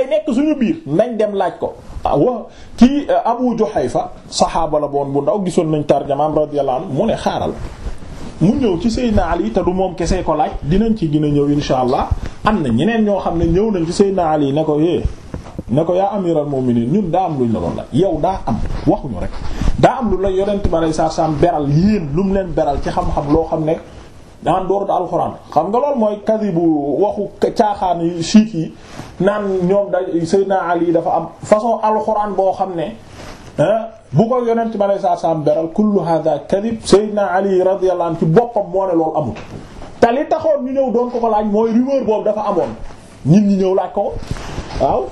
day nekk suñu biir nañ dem laaj ko wa kii euh, Abu Juhayfa saxaaba la boon bu ndaw gisoon nañ tarjamaam radiyallahu anhu mu ne xaaral mu ñëw ci Seydina Ali te du moom kesee ko laaj dinañ ci gën a ñëw insha allah am na ñeneen ñoo xam ne ñëw nañ ci Seydina Ali ne ko é eh, ne ko yaa amiral mu'minin ñun daa am luñ la doon la yow daa am waxuñu rek daa am lu la yonent ba lay saa saam beral yéen lu mu leen beral ci xam-xam loo xam ne daan door alxuraan xam nga lool mooy kadibu waxu caaxaan yi naan ñoom da Seydina Ali dafa am façon alxuraan boo xam ne bu ko yonent bi alayhi salaam beral kullu hadha kadib Seydina Ali radiyallahu anhu ci boppam moo ne loolu amul te taxoon ñu ñëw doon ko ko laaj mooy rumeur boobu dafa amoon nit ñi ñëw laaj ko waaw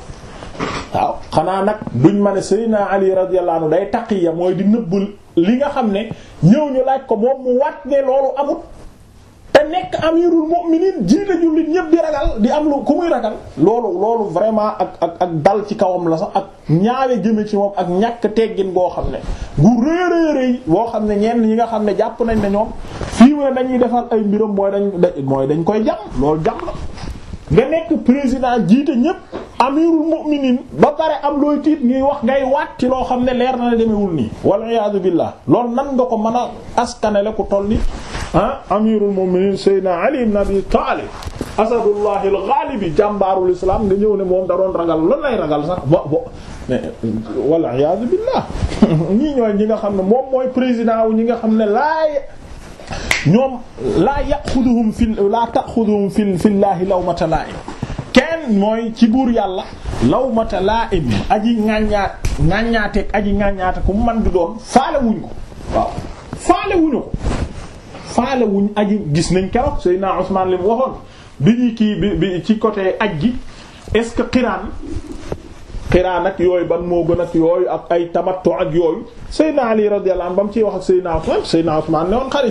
xanaa nag duñ ma ne Seydina Ali radiyallahu anhu day taqiya mooy di nëbb li nga xam ne ñëw ñu laaj ko moom mu wat ne loolu amut te nekk amirul mu'minin jiite jullit ñëpp di ragal di am lu ku muy ragal loolu loolu vraiment ak ak ak dal ci kawam la sax ak ñaawe jëme ci moom ak ñàkk teggin goo xam ne gu réeréeréy boo xam ne ñenn ñi nga xam ne jàpp nañ ne ñoom fii mu ne dañuy defar ay mbiram mooy de mooy dañ koy jam loolu jam la nga nekk président jiite ñépp amirul mu'minin ba pare am looy tiit ngiy wax ngay waat ci loo xam ne leer na la demewul nii wal iyaadu billah loolu nan nga ko man a askanele ku toll ni ah amirul mu'minin sayyidina ali ibn abi talib asadullahil ghalibi jàmbaarul islam nga ñëw ne moom da doon ragal lan lay ragal sax bo bo wal iyaadu billah ñii ñooy ñi nga xam ne moom mooy président wu ñi nga xam ne laay ñoom laa yaxuduhum fi laa taxuduhum fi fillaahi lawmata laa'im kenn mooy ci buur yàlla lawmata laa'im aji ŋàññaat aji ŋàññaate ku man di doon faale wuñ ko waaw faale wuñu ko faale wuñ aji gis nañ keroog Seydina Usmaan li mu waxoon bi ñuy kii bi bi ci côté aj gi est-ce que xiraan xiraan ak yooyu ban moo gën ak yooyu ak ay tamattu ak yooyu Seydina Ali radiyallahu anhu ba mu ciy wax ak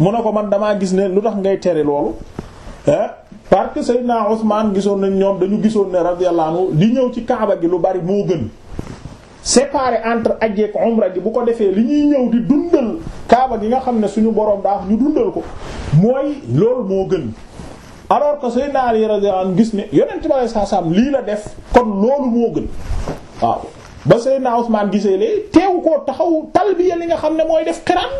mu ne ko man damaa gis ne lu tax ngay tere loolu parce que Seydina Ousmane gisoon nañ ñoom dañu gisoon ne radiyallahu anhu li ñëw ci Kaaba gi lu bari moo gën séparé entre aj ak umra gi bu ko defee li ñuy ñëw di dundal Kaaba gi nga xam ne suñu borom daa ñu dundal ko mooy loolu moo gën alors que Seydina Ali radiyallahu anhu gis ne yonent bi sallallahu alayhi lii la def kon loolu moo gën waaw ba Seydina Ousmane gisee lee teewu ko taxaw talbiya li nga xam ne mooy def xiraan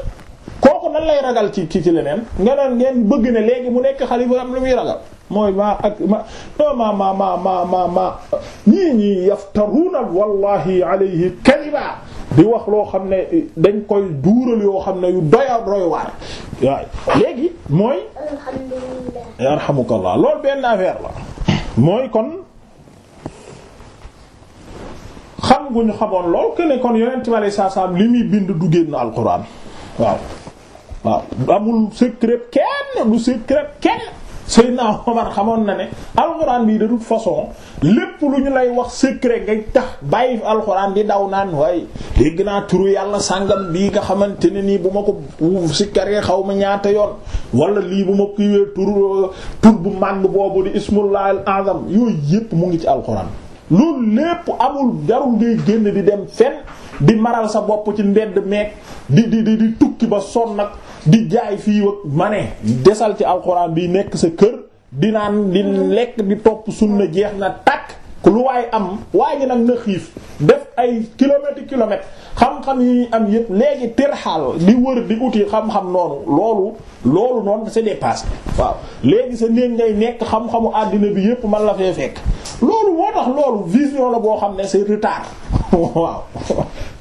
kooku nan lay ragal ci ci ci leneen nga ngeen bëgg na léegi mu nekk xalifa am lu muy ragal mooy ma ak ma ma ma ma ma ma ñii ñii yaftaruuna wallahi di wax loo xam ne dañ koy duural yoo xam ne yu waaye léegi mooy yarhamukallah loolu benn affaire la mooy kon xam gu ñu xamoon lool que ne kon yonent bi sallallahu alayhi wasallam li muy bind du génn alquran waaw waaw amul secret kenn du secret kenn Seydina Omar xamoon na ne alxuraan bii de toute façon lépp lu ñu lay wax secret ngay tax bàyyi alxuraan di daw naan waaye dégg naa turu yàlla sàngam bii nga xamante ne nii bu ma ko sikkaree xaw ma ñaata yoon wala lii bu ma kiiwee tur tur bu màgg boobu di ismullah al azam yooyu yépp mu ngi ci alxuraan loolu lépp amul jarul ngay génn di dem fenn di maral sa bopp ci mbedd meeg di di di di tukki ba sonn nag di jaay fii wag ma ne desal ci alxuraan bi nekk sa kër di naan di lekk di topp sunna jeex na tàkk lu waaye am waaye nag na xiif def ay kilomètre kilomètre xam-xam yi am yëpp léegi tirxaal di wër di uti xam-xam noonu loolu loolu noonu c'est dépassé waaw léegi sa néeg ngay nekk xam-xamu àddina bi yëpp man la fee fekk loolu moo tax loolu vision la boo xam ne c'est retard waaw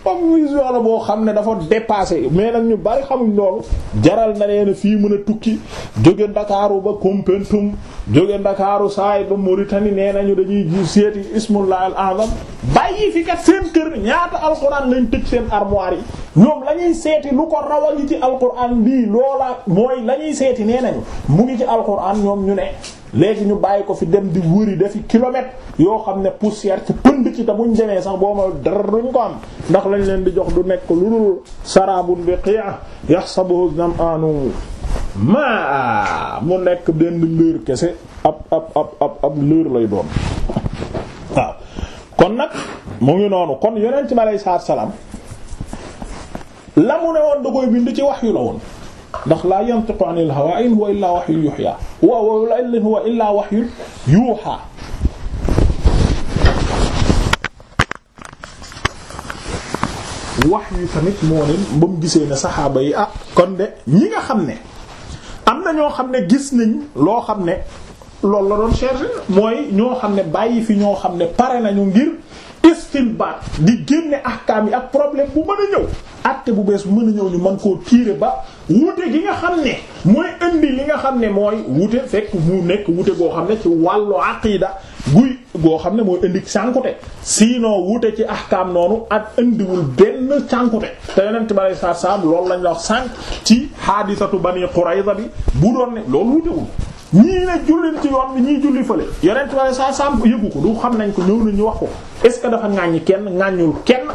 comme vision la boo xam ne dafa dépassé mais nag ñu bari xamuñ loolu jaral na leen fii mën a tukki jóge ndakaaru ba Koumpentoum jóge ndakaaru saay ba Mauritanie nee nañu dañuy ji seeti ismullah al azam bàyyi fi kat seen kër ñaata alxuraan lañ tëj seen armoire yi ñoom la ñuy seeti lu ko rawal yi ci alxuraan bii loola mooy la seeti nee nañu mu ngi ci alxuraan ñoom ñu ne léegi ñu bàyyi ko fi dem di wëri dafi kilomètre yoo xam ne poussière ci pënd ci te buñ demee sax boo dara duñ ko am ndax lañ leen di jox du nekk lu dul sarabun biqi'a yahsabuhu zam'anu maa mu nekk benn lër kese ab ab ab ab ab lër lay doon waaw kon nag mu ngi noonu kon yonent ci aleyhi salaatu wa salaam la mu ne woon da koy bind ci wahyu la woon ndax laa yantiqu anil hawa in huwa illaa wahyun yuhya wa in huwa wax yu tamit moo leen ba mu gisee ne saxaaba yi ah kon de ñi nga xam ne am na ñoo xam ne gis nañ loo xam ne loolu la doon chercher mooy ñoo xam ne bàyyi fi ñoo xam ne pare nañu ngir istinbaat di génne ahkaam yi ak problème bu mën a ñëw atte bu bees bu mën a ñëw ñu man koo tiire ba wute gi nga xam ne mooy indi li nga xam ne mooy wute fekk mu nekk wute goo xam ne ci wàllu aqida guy goo xam ne mooy indi cànkute sinon wute ci ahkaam noonu ak indiwul benn cànkute te yonent bi alayhi sa loolu lañ la wax sànq ci xaadisatu bani Qurayza bi bu doon ne loolu wutewul ñii ne jullil ci yoon bi ñii julli fële yonent wala saa sam yëgu ko du xam nañ ko ñëw nañ ñu wax ko est-ce que dafa ŋàññi kenn ŋàññul kenn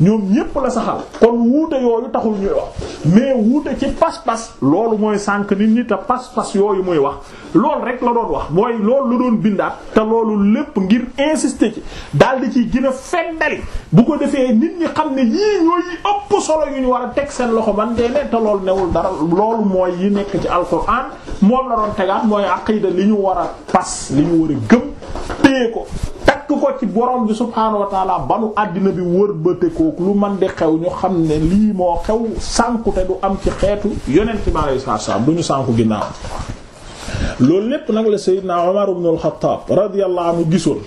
ñoom ñépp la saxal kon wuute yooyu taxul ñuy wax mais wuute ci pas-pas loolu mooy sànq nit ñi te pas-pas yooyu mooy wax lool rek la doon wax mooy loolu lu doon bindaat te loolu lépp ngir insisté ci daal di ciy gën a feddali bu ko defee nit ñi xam ne yii ñooy ëpp solo yu ñu war a teg seen loxo ban dee ne te loolu newul dara loolu mooy yi nekk ci alxuraan moom la doon tegaat mooy aqida li ñu war a pas li ñu war a gëm téye ko. takk ko ci borom bi subhaanahu wa ba banu àddina bi wër bëtekook lu man di xew ñu xam ne lii moo xew sànku te du am ci xeetu yonent bi alayhi salaam du ñu sànku ginnaaw loolu lépp nag la Seydina Umar ibn al-Khattab radiyallahu anhu gisoon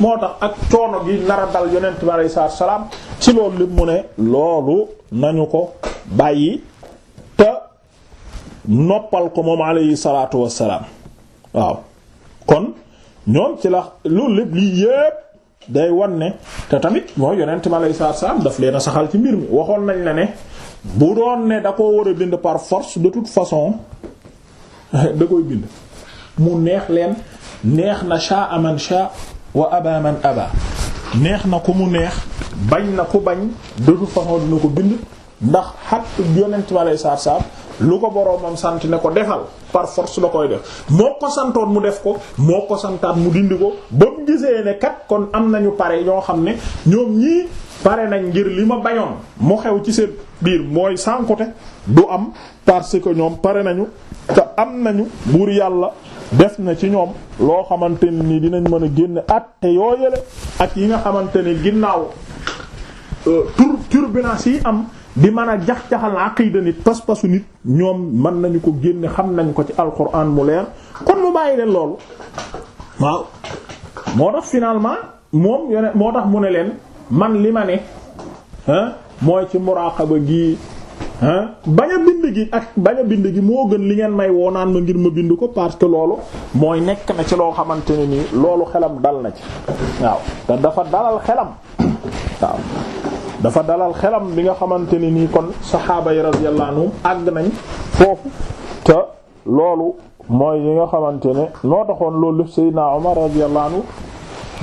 moo tax ak coono gi nar a dal yonent bi alayhi salaam ci loolu lépp mu ne loolu nañu ko bàyyi te noppal ko moom alayhi salaatu wassalaam waaw kon ñoom ci la loolu lépp lii yépp day wan ne te tamit mooy yonent ma lay saa saam daf leen a saxal ci mbir mi waxoon nañ la ne bu doon ne da koo war bind par force de toute façon da koy bind mu neex leen neex na sha aman sha wa aba man aba neex na ku mu neex bañ na ku bañ de toute façon dina ko bind ndax xat yonent ma lay saa saam lu ko boroomam sant ne ko defal par force da koy def moo ko santoon mu def ko moo ko santaan mu dindi ko ba mu gisee ne kat kon am nañu pare ñoo xam ne ñoom ñii pare nañ ngir li ma bañoon mu xew ci seen biir mooy sànkute du am parce que ñoom pare nañu te am nañu buur yàlla def na ci ñoom loo xamante nii dinañ mën a génn àtte yooyale ak yi nga xamante ni ginnaaw euh, tur turbulence yi am di mën a jax-jaxal aqida nit pas-pasu nit ñoom mën nañu ko génne xam nañ ko ci alquran mu leer kon mu bàyyi leen loolu waaw moo tax finalement moom yone moo tax mu ne leen man li ma ne mooy ci muraqaba gi bañ a bind gi ak bañ bind gi moo gën li ngeen may woonaan ma ngir ma bind ko parce que loolu mooy nekk na ci loo xamante ne nii loolu xelam dal na ci waaw te dafa dalal xelam waaw dafa dalal xelam bi nga xamante ne nii kon saxaaba yi radiyallahu anhum nañ foofu te loolu mooy yi nga xamante ne noo taxoon loolu lépp Seydina Omar radiyallahu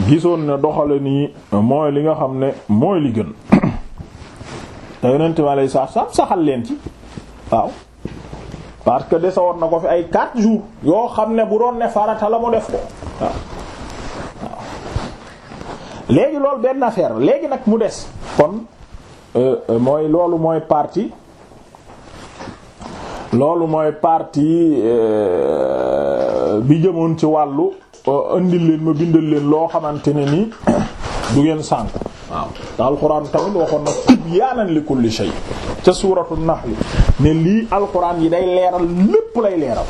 gisoon ne doxale nii mooy li nga xam ne mooy li gën te yonent mi alayhi salaatu salaam saxal leen ci waaw parce que desewoon na ko fi ay 4 jours yoo xam ne bu doon ne farata la mu def ko waaw léegi loolu benn affaire léegi nag mu des kon euh, euh, mooy loolu mooy partie loolu mooy parti euh, bi jëmoon ci wàllu indi leen ma bindal leen loo xamante ne nii du ngeen sànk waaw te alxuraan tamit waxoon na tibyaanan li kulli shay ca suuratu nahl ne lii alxuraan yi day leeral lépp lay leeral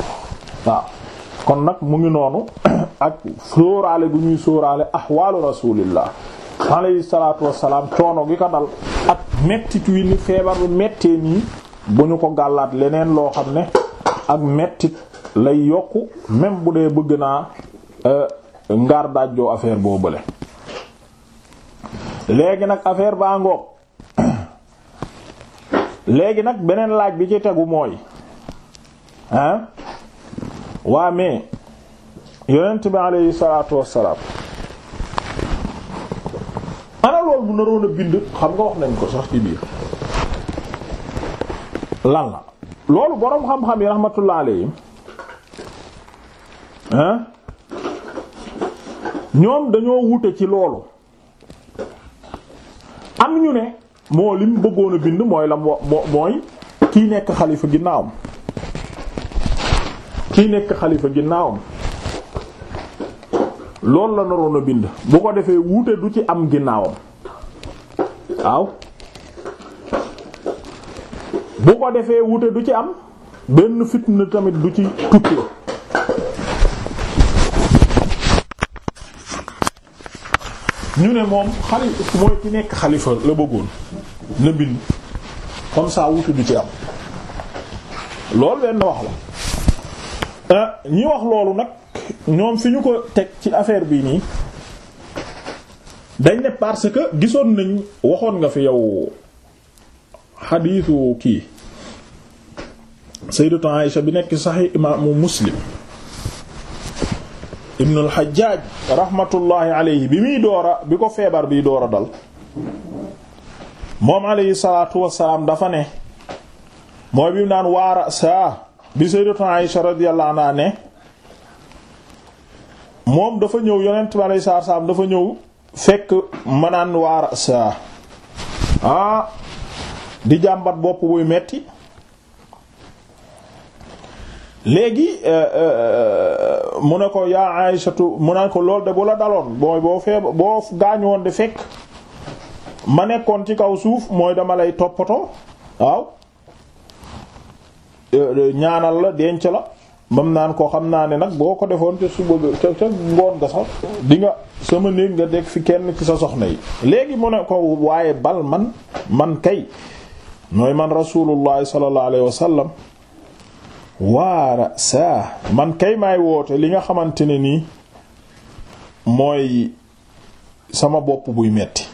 waaw kon nag mu ngi noonu ak sóoraale bu ñuy sóoraale ahwaalu rasulillah alayhi salaatu wassalaam coono gi ko dal ak mettit wi ni feebar bi mettee nii bu ñu ko gàllaat leneen loo xam ne ak mettit lay yokku même bu dee bëgg naa euh, ngaar dajjoo affaire boobale léegi nag affaire baa ngoog léegi nag beneen laaj bi ci tegu mooy ah waa mais yonent bi aleyhi salaatu wassalaam ana lool bu naroon a bind xam nga wax nañ ko sax ci biir lan la loolu boroom xam-xam yi rahmatullah alayhim hein ñoom dañoo wute ci loolu am ñu ne moo lim bëggoon a bind mooy la moo mooy kiy nekk xalifa ginnaawam kii nekk xalifa ginnaawam loolu la naroon a bind bu ko defee wuute du ci am ginnaawam waaw bu ko defee wuute du ci am benn fitna tamit du ci tukkee ñu ne moom xali mooy ki nekk xalifa la bëggoon na bind comme ça wuute du ci am loolu benn wax la Euh, ñi wax loolu nag ñoom fi ñu ko teg ci affaire bii nii dañ ne parce que gisoon nañ waxoon nga fi yow xadiisu kii sayyidatu Aïsha bi nekk saxi imaamu Muslim ibnu al-Hajjaj alayhi bi muy doora bi ko feebar bi doora dal moom alayhi salaatu wassalaam dafa ne mooy bi mu naan waara saa bi sayyidatu Aïsha radiyallahu anha ne moom dafa ñëw yonent bi alayhi salaatu salaam dafa ñëw fekk manaan waar a ah di jàmbat bopp buy metti léegi eh, eh, mu ne ko yaa Aïshatu mu ne ko lool de bu la daloon booy boo feeb boo gaañoon de fekk ma nekkoon ci kaw suuf mooy dama lay toppatoo waaw ñaanal la denc la mam naan ko xam naa ne nag boo ko defoon te suba te te ngoon nga sax di nga sama néeg nga def fi kenn ci sa soxna yi léegi mu ne ko waaye bal man man kay mooy man rasulullahi sallallahu alayhi wa sallam waara kay maay woote li nga xamante ne nii mooy sama bopp buy metti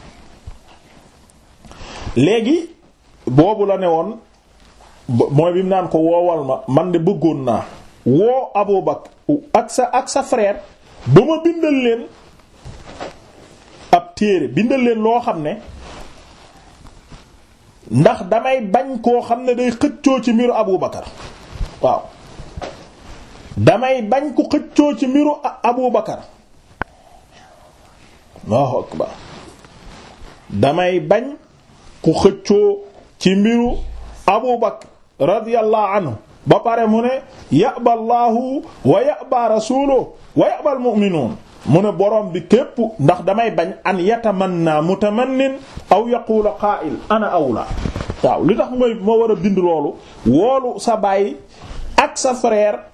léegi boobu la ne woon mooy bi naan ko woowal ma man de bëggoon naa woo Abu ak sa ak ba ma bindal leen ab téere bindal leen loo xam ne ndax damay bañ koo xam ne day xëccoo ci mbiru Abu Bakar waaw damay bañ ku xëccoo ci mbiru Abu Bakar Allahu xëccoo ci mbiru Abu radiyallahu anhu ba pare mu ne ya'ba allahu wa ya'ba rasuluhu wa ya'ba almu'minuun mu ne borom bi képp ndax damay bañ an yatamanna mutamannin aw yaqula qaa'il ana waaw li tax mooy moo war bind loolu woolu sa baay ak sa frère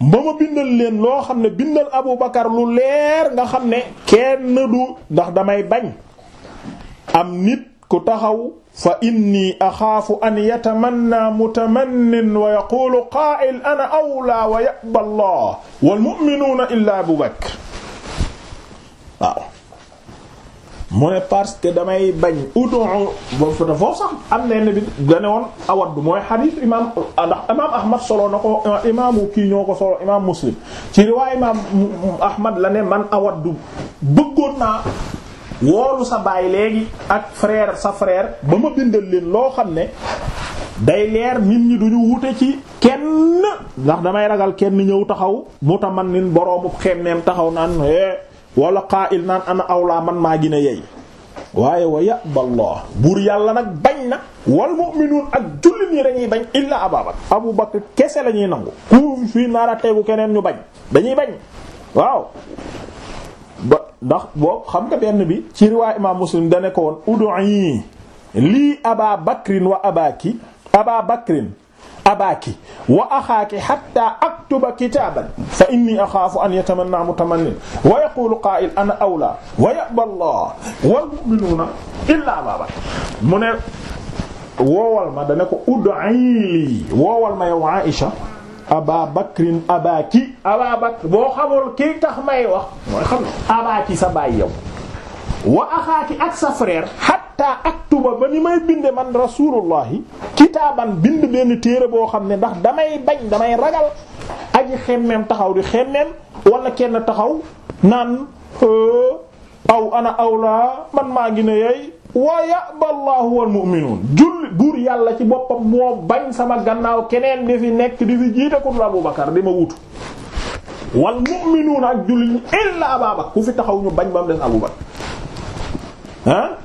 ba ma bindal leen loo xam ne bindal Abu Bakar lu leer nga xam ne kenn du ndax damay bañ am nit ku taxaw fa inni axaafu an yatamanna mutamannin wa yaqulu qaa'il ana awlaa wa ya'ba allah wal mu'minuuna illaa Abu Bakr waaw mu ne parce que damay bañ ud'u ba fa foofu sax am na ne bi da ne woon awaddu mooy xadiis imaam ndax imaam Ahmad solo na ko imaamu kii ñoo ko solo imaam Muslim ci riwaaya imaam Ahmad la ne man awaddu bëggoon naa. woolu sa baay léegi ak frère sa frère ba ma bindal leen loo xam ne day leer nit ñi duñu wute ci kenn ndax damay ragal kenn ñëw taxaw mu ta man nin boroomu xemmeem taxaw naan eh, wala xaa il naan ana awlaa man maa gina yey waaye wa yàballah buur yàlla nag bañ na wal mu'minuun ak jullit ñi dañuy bañ illaa ababat abu bakr kese lañuy ñuy nangu ku fi naara tegu keneen ñu bañ dañuy bañ waaw ndax boobu xam nga benn bi ci riwaay imaam muslim dane ko woon ud'i lii aba bakrin wa abaki aba bakrin abaki wa axaaki hatta aktuba kitaaban fa inni axaafu an yatamanna mutamannin wa yaqulu qaa'il ana awla wa ya'ba allah wal mu'minuuna illa aba bakr mu ne woowal ma dane ko ud'i lii woowal ma yow Aïsha Aba Bakrin Aba ki Aba Bakr boo xamoon kii tax may wax mooy xam Aba ki sa baay yow. wa axaaki ak sa frère hatta aktuba ba ni may binde man rasulullahi kitaaban bind benn téere boo xam ne ndax damay bañ damay ragal aji xemmeem taxaw di xemmeem wala kenn taxaw naan. aw ana awlaa man maa ngi ne yeey wa ya'ba Allahu wal mu'minuun julli buur yàlla ci boppam moo bañ sama gannaaw keneen di fi nekk di fi jiite ku dul Abu Bakar di ma wutu wal mu'minuun ak julli illa Abu Bakar ku fi taxaw ñu bañ ba mu des Abu Bakar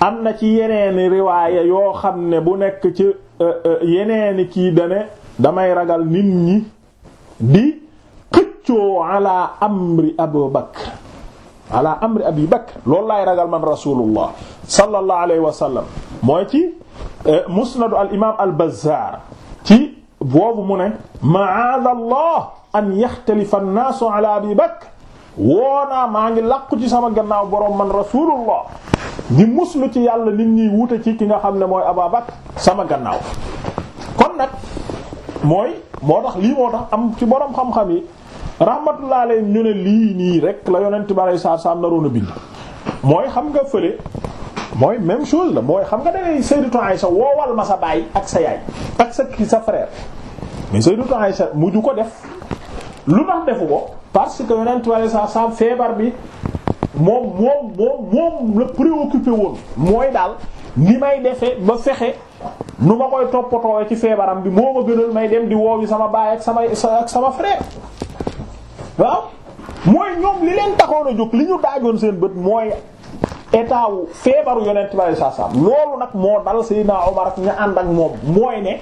am na ci yeneeni riwaaya yoo xam ne bu nekk ci eh, eh, yeneeni kii dane damay ragal nit ñi di xëccoo ala amri Abu Bakar ala amri abi bakr loolu laay ragal man rasulullah sallallahu alayhi wa sallam mooy ci eh, musnadu al imam al bazzar ci boobu mu ne ma'aada allah an yaxtalifa annaasu ala abi bakr woonaa maa ngi làqu ci sama gannaaw boroom man rasulullah di muslu ci yàlla nit ñiy wuute ci ki nga xam ne mooy Abaa Bakr sama gannaaw kon nag mooy moo tax lii moo tax am ci boroom xam-xam yi rahmatullah alayhi ñu ne lii nii rek la yonent bi saa saam naroon a bind mooy xam nga fële mooy même chose la mooy xam nga da ngay Sayyidatu Aïsha woowal ma sa baay ak sa yaay ak sa kii sa frère mais Sayyidatu Aïsha mujj ko def lu tax defu ko parce que yonent bi saa saam feebar bi moom moom moom moom la préoccupé woon mooy daal ni may defee ba fexe. nu ma koy toppatoo ci feebaram bi moo ma gënal may dem di woowi sama baay ak sama ak sama frère waaw mooy ñoom li leen taxoon a jóg li ñu daajoon seen bët mooy état feebaru yonent bi saa saa loolu nag moo dal Seydina Omar ak ña ànd ak moom mooy ne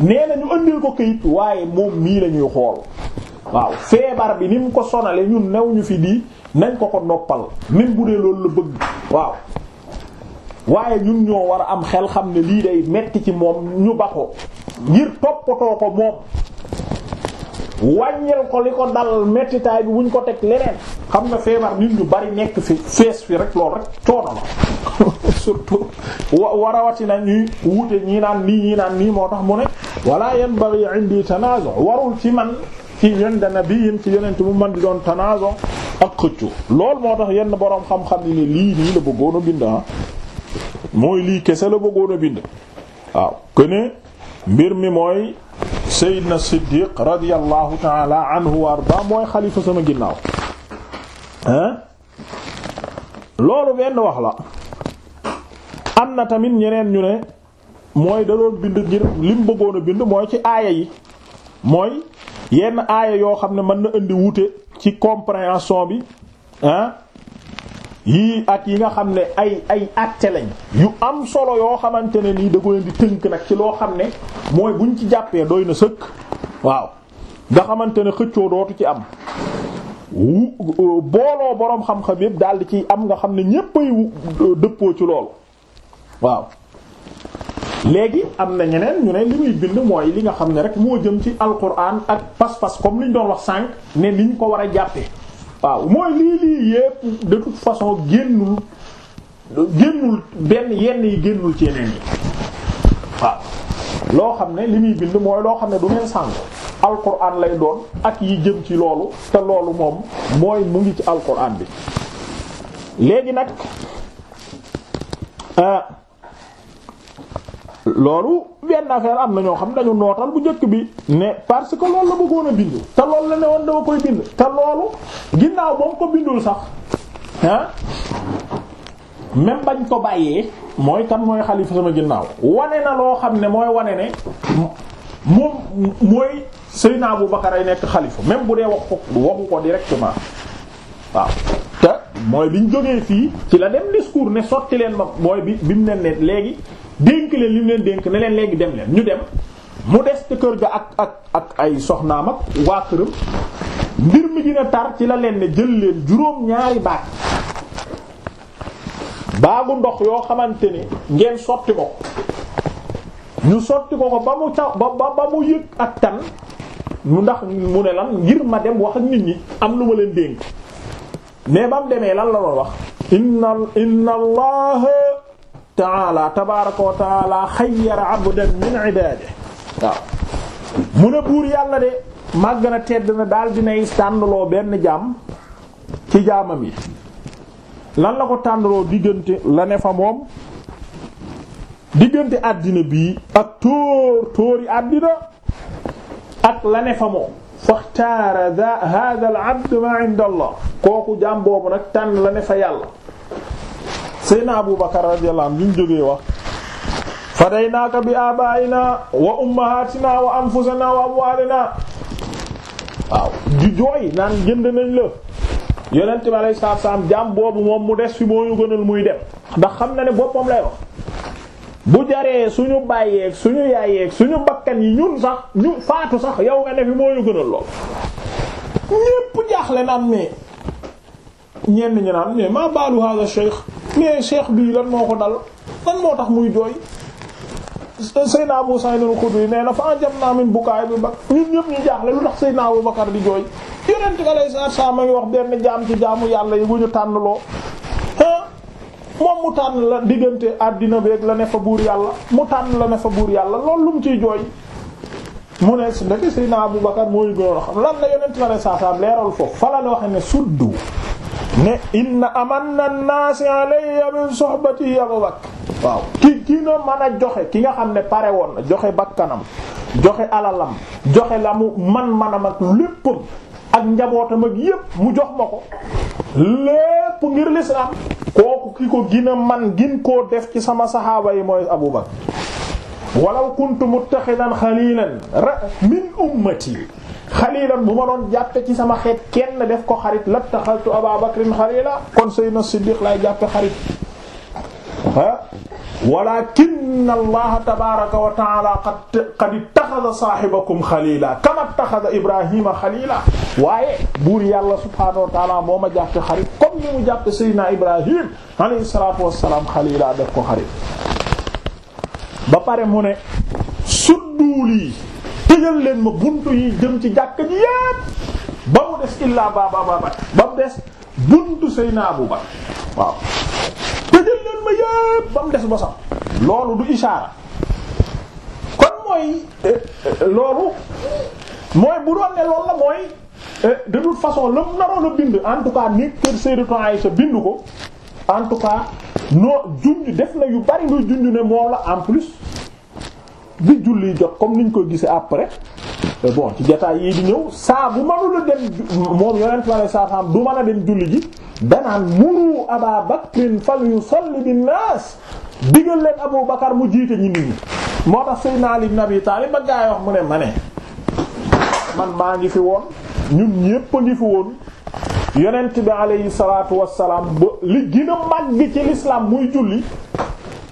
nee na ñu ko këyit waaye moom mii la xool waaw feebar bi ni mu ko sonalee ñun new ñu fi di nañ ko ko noppal même bu dee loolu la bëgg waaw. waaye ñun ñoo war a am xel xam ne lii dey metti ci moom ñu ba ngir toppatoo ko moom wàññil ko li ko dal mettitaay bi buñ ko teg leneen xam nga feebar nit ñu bari nekk fi fees fi rek loolu rek coono la surtout wa warawati na ñuy wute ñii naan nii ñii naan nii moo tax mu ne wala yanbaghi indi tanazo warul ci man ci yonde nabiyin ci yonent mu man di doon tanazo ak xëccu loolu moo tax yenn boroom xam-xam ni ne lii nii la bëggoon a bind ah mooy lii kese la bëggoon bind waaw këne mbir mi mooy Seydina Siddiq radiyallahu taala anhu wa arda mooy xalifa sama ginnaaw hein loolu benn wax la am na tamit ñeneen ñu ne mooy da bind ngir li mu bind mooy ci aaya yi mooy yenn aaya yoo xam ne mën na indi wuute ci compréhension bi yii ak yi nga xam ne ay ay atte lañ yu am solo yoo xamante ne nii da ko leen di tënk nag ci loo xam ne mooy buñ ci jàppee doy na sëkk waaw nga xamante ne xëccoo dootu ci am wu euh, booloo boroom xam-xam yépp daal di ci am nga xam ne ñépp euh, dëppoo ci loolu waaw léegi am na ñeneen ñu ne li muy bind mooy li nga xam ne rek moo jëm ci alquran ak pas-pas comme ñu doon wax sànq ne liñ ko war a jàppee waaw mooy lii lii yépp de toute façon génnul génnul benn yenn yi génnul ci yeneen yi waaw loo xam ne li muy bind mooy loo xam ne du neen sànk alquran lay doon ak yi jëm ci loolu te loolu moom mooy mu ngi ci alquran bi léegi nag euh, loolu benn affaire am na ñoo xam dañu nootal bu njëkk bi ne parce que loolu la bëggoon a bind te loolu la ne woon dama koy bind te loolu ginnaaw ba mu ko bindul sax ah bañ ko bàyyee mooy kan mooy xalifa sama ginnaaw wane na loo xam ne mooy wane ne moom mooy Seydina Abu Bakar ay nekk xalifa même bu dee wax ko waxu ko directement waaw te mooy biñ jógee fii ci la dem discours ne sotti leen ma mooy bi bi mu ne ne léegi dénk leen li mu leen dénk ne leen léegi dem leen ñu dem mu des ca kër ga ak ak ak ay soxnaam ak waa këram mbir mi dina tar ci la leen ne jël leen juróom ñaari baag baagu ndox yoo xamante ne ngeen sotti ko ñu sotti ko ko ba mu ca ba mu yëg ak tan mu ndax mu ne lan ngir ma dem wax ak nit ñi am lu ma leen dénk mais ba mu demee lan la doon wax inna inna allah taala tabaaraka wa taala xayyara abdan min ibaadihi waaw mu ne buur yàlla de màgg na tedd na daal dinay tànnaloo benn jaam ci jaamam yi lan la ko tànnaloo diggante la ne fa moom diggante àddina bii ak tóor tóori àddina ak la ne fa moom faxtaara hada al ma inda kooku jàm boobu nag tànn la ne yàlla Seydina Abu Bakar radiyallahu anhu ñu jógee wax fadaynaaka bi abaayina wa ummahatina wa anfusina wa amwaalina waaw di jooy naan jënd nañ la yonent bi alayhi salaatu salaam jaam boobu moom mu des fi muy dem ndax xam na ne boppam lay wax bu jaree suñu bàyyeeg suñu yaayeeg suñu bakkan yi ñun sax ñu faatu sax yow nga ne fi moo ñu gënal lool ñépp jaaxle naan mais ñenn ñi naan mais maa baalu hada cheikh mais cheikh bii lan moo ko dal lan moo tax muy jooy Seydina Abu Sa'id al-Khudri nee na fa anjabnaa min bukaay bi ba ñun ñëpp ñu Bakar di jooy yonent bi alayhi salaatu salaam a ngi wax benn jaam ci jaamu yàlla yi bu ñu tànn loo moom mu tànn la diggante àddina beeg la ne fa buur yàlla mu tànn la ne fa buur yàlla loolu lu mu ciy jooy mu ne ndeke naa Abu Bakar moo ñu a xam lan la yonent bi alayhi saa salaam leeral foofu fa la ne waxe ne suddu ne inna amanna naasi alayya min sohbati Abu Bakr waaw ki gina mën a joxe ki nga xam ne pare woon na joxe bakkanam joxe alalam joxe la mu man-manam ak léppam ak njabootam ak yépp mu jox ma ko lépp ngir lislaam kooku ki ko gina man gin koo def ci sama saxaaba yi mooy Abu Bakr walaw kuntu muttaxidan xalilan ra min ummati xalilan bu ma doon jàppe ci sama xeet kenn def ko xarit lattaxaltu Abaa Bakrin xalila kon Seydina Siddiq laay jàppe xarit ah walakin allaha tabaraka wa taala qad qad ittaxada saahibakum xalila kama ittaxada Ibrahima xalila waaye buur yàlla subhaanahu wa taala moo ma jàppe xarit comme ni mu jàppe Seydina Ibrahim alayhi salaatu wassalaam xalila def ko xarit ba pare mu ne sudduuli tëjal leen ma buntu yi jëm ci jàkk ji yépp ba mu des illaa baaba baaba ba mu des buntu Seyna Abu Bakar waaw tëjal leen ma yépp ba mu des ba loolu du ishaara kon mooy eh, eh, loolu mooy bu doon ne loolu la mooy eh, de façon la mu naroon a bind en tout cas nekk kër Sayyidatu Aïcha bind ko en tout cas noo junj def na yu bari luy junj ne moom la en plus li julli jox comme niñ koy gisee après euh, bon ci jotaay yi di ñëw saa bu mënula dem moom yonent ma ne saa saam du mën a dem julli ji danaan muru Abaa Bakrin fal yusalli bin naas digal leen Abu Bakar mu jiite ñi nit ñi moo tax Seydina Ali ibn Abi Talib ba gaa yi wax mu ne ma ne man maa ngi fi woon ñun ñépp a ngi fi woon yonent bi alayhi salaatu wassalaam ba li gën a ci l'islam muy julli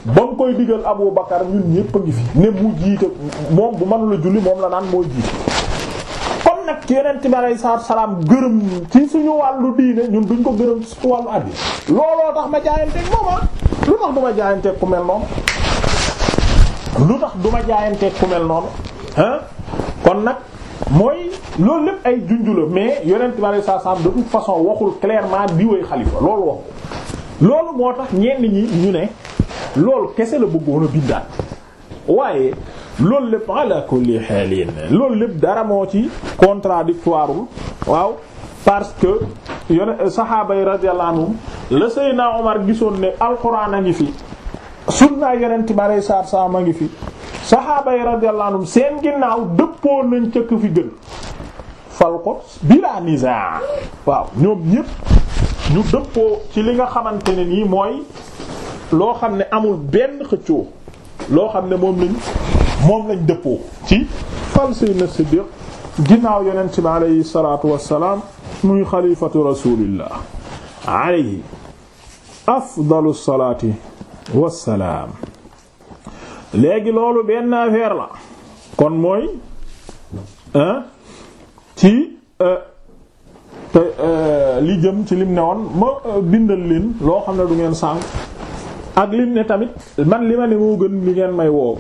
ba mu koy digal Abu Bakar ñun ñépp a ngi fii ne mu jiite moom bu mënula julli moom la naan moo jiite comme nag ci yeneen bi salaam gërëm ci suñu wàllu diine ñun duñ ko gërëm ci wàllu addi looloo tax ma jaayanteeg mooma ah. lu lu tax du ma jaayanteeg noonu hein kon nag mooy loolu lépp ay junju la mais yonent bi alayhi salaam de toute façon waxul clairement di way xalifa loolu wax loolu moo tax ñenn ñi ñu ne loolu kese la bëggoon a waaye loolu lépp ala kulli haalin loolu lépp dara moo ci contradictoire waaw parce que yone saxaaba yi radiyallahu anhum la Seydina Omar gisoon ne alxuraan a ngi fi sunna yonent bi aleyhi salaatu salaam a ngi fi saxaaba yi radiyallahu anhum seen ginnaaw dëppoo nañ ca fi gën fal ko waaw ñoom ñépp ñu dëppoo ci li nga xamante ne nii mooy loo xam ne amul benn xëccoo loo xam ne moom lañ moom lañ dëppoo ci fal sayyidina Siddiq ginnaaw yonent bi alayhi salaatu wassalaam muy xalifatu rasulillah alayhi afdalu salaati wassalaam léegi loolu benn affaire la kon mooy ci euh, euh, li jëm ci lim ne woon euh, bindal leen loo xam ne du ngeen sànq ak lim ne tamit man li ma ne moo gën li ngeen may woo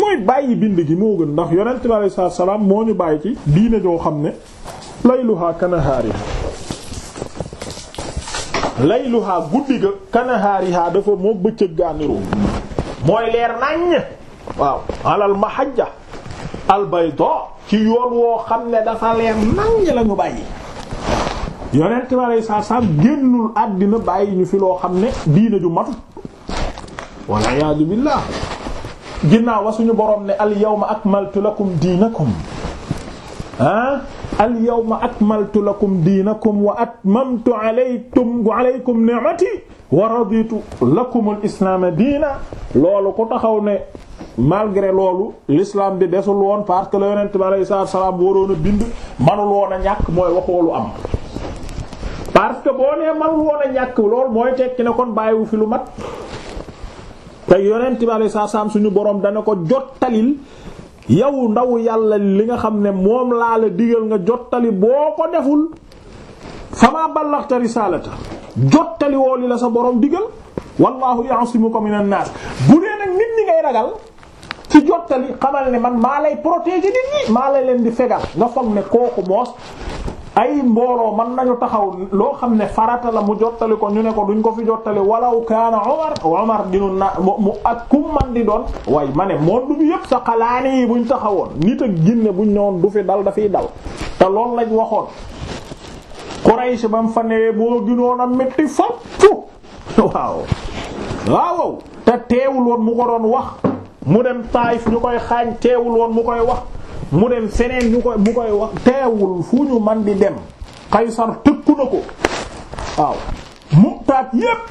mooy bàyyi bind gi moo gën ndax yonent bi alayhi salaatu salaam moo ñu bàyyi ci diine joo xam ne layluha kanahaariha layluha guddi ga kanahaariha dafa moo bëccëg gaaniru mooy leer naññ waaw alal mahajja al bayda ci yoon woo xam ne dafa leer naññ lañu bàyyi yonent bi alayhi salaatu salaam génnul àddina bàyyi ñu fi loo xam ne diine ju matut wal iyaadu billah ginnaaw wa suñu borom ne al yawma akmaltu lakum diinakum ah al yawma akmaltu lakum diinakum wa atmamtu alaykum wa wa raditu lakum al diina loolu ku taxaw ne malgré loolu l'islam bi desul woon parce la yonent bi alayhi salaam waroon bind manul woon ñàkk mooy waxoolu am parce boo nee manul woon ñàkk loolu mooy tekki ne kon bàyyiwu fi lu mat te yonent bi alayhi salaam suñu borom dana ko jottalil yow ndaw yàlla li nga xam ne moom laa la digal nga jottali boo ko deful fama ballaxta risalata jottali woo li la sa borom digal wallahu ya'simuka minan nas bu dee nag nit ñi ngay ragal ci jottali xamal ne man maa lay protéger nit ñi maa lay leen di fegal nga foog ne kooku moos ay mbooloo man nañu taxaw loo xam ne farata la mu jottali ko ñu ne ko duñ ko fi jottali walaw kaana Omar Omar dinu na mu ak kum man di doon way ma ne monde bi sa xalaane yi buñ taxawoon nit ak ginne buñ ñëwoon du fi dal dafay dal te lool lañ waxoon Quraysh ba mu fa newee moo ginoon a métti fopp waaw waaw te teewul woon mu ko doon wax mu dem Taayif ñu koy xaañ teewul woon mu koy wax mu dem feneen ñu koy mu koy wax teewul fu ñu man di dem Kaysar tëkku na ko waaw muktaat yépp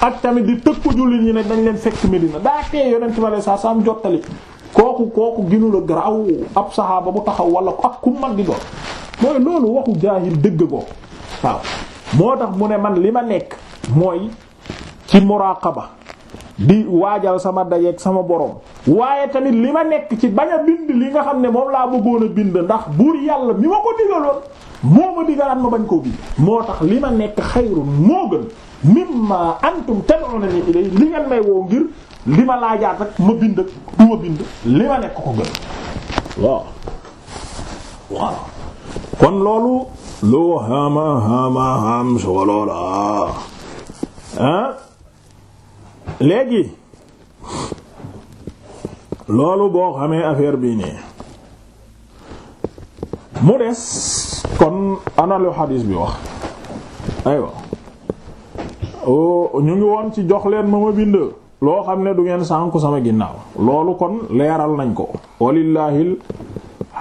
ak tamit di tëkku jullit ñi ne dañ leen fekk Medina daa tee yonent ma lay saa saa am jottali kooku kooku ginula graw ab saxaaba bu taxaw wala ak ku mag di doon mooy loolu waxu jaahil dëgg ko waaw moo tax mu ne man li ma nekk mooy ci muraqaba di waajal sama dajeeg sama borom waaye tamit li ma nekk ci bañ a bind li nga xam ne moom laa bëggoon a bind ndax buur yàlla mi ma ko digaloon moo ma digalaat ma bañ koo bind moo tax li ma nekk xayrun moo gën mimma li ngeen woo ngir li ma laajaat rek ma li ma nekk ko gën waaw waaw kon loolu lu hama hama ham solo la léegi loolu boo xamee affaire bii nii mu des kon ana xadiis bi wax aywa oh, ñu ngi woon ci jox leen ma ma bind loo xam ne du ngeen sànku sama ginnaaw loolu kon leeral nañ ko walillaahil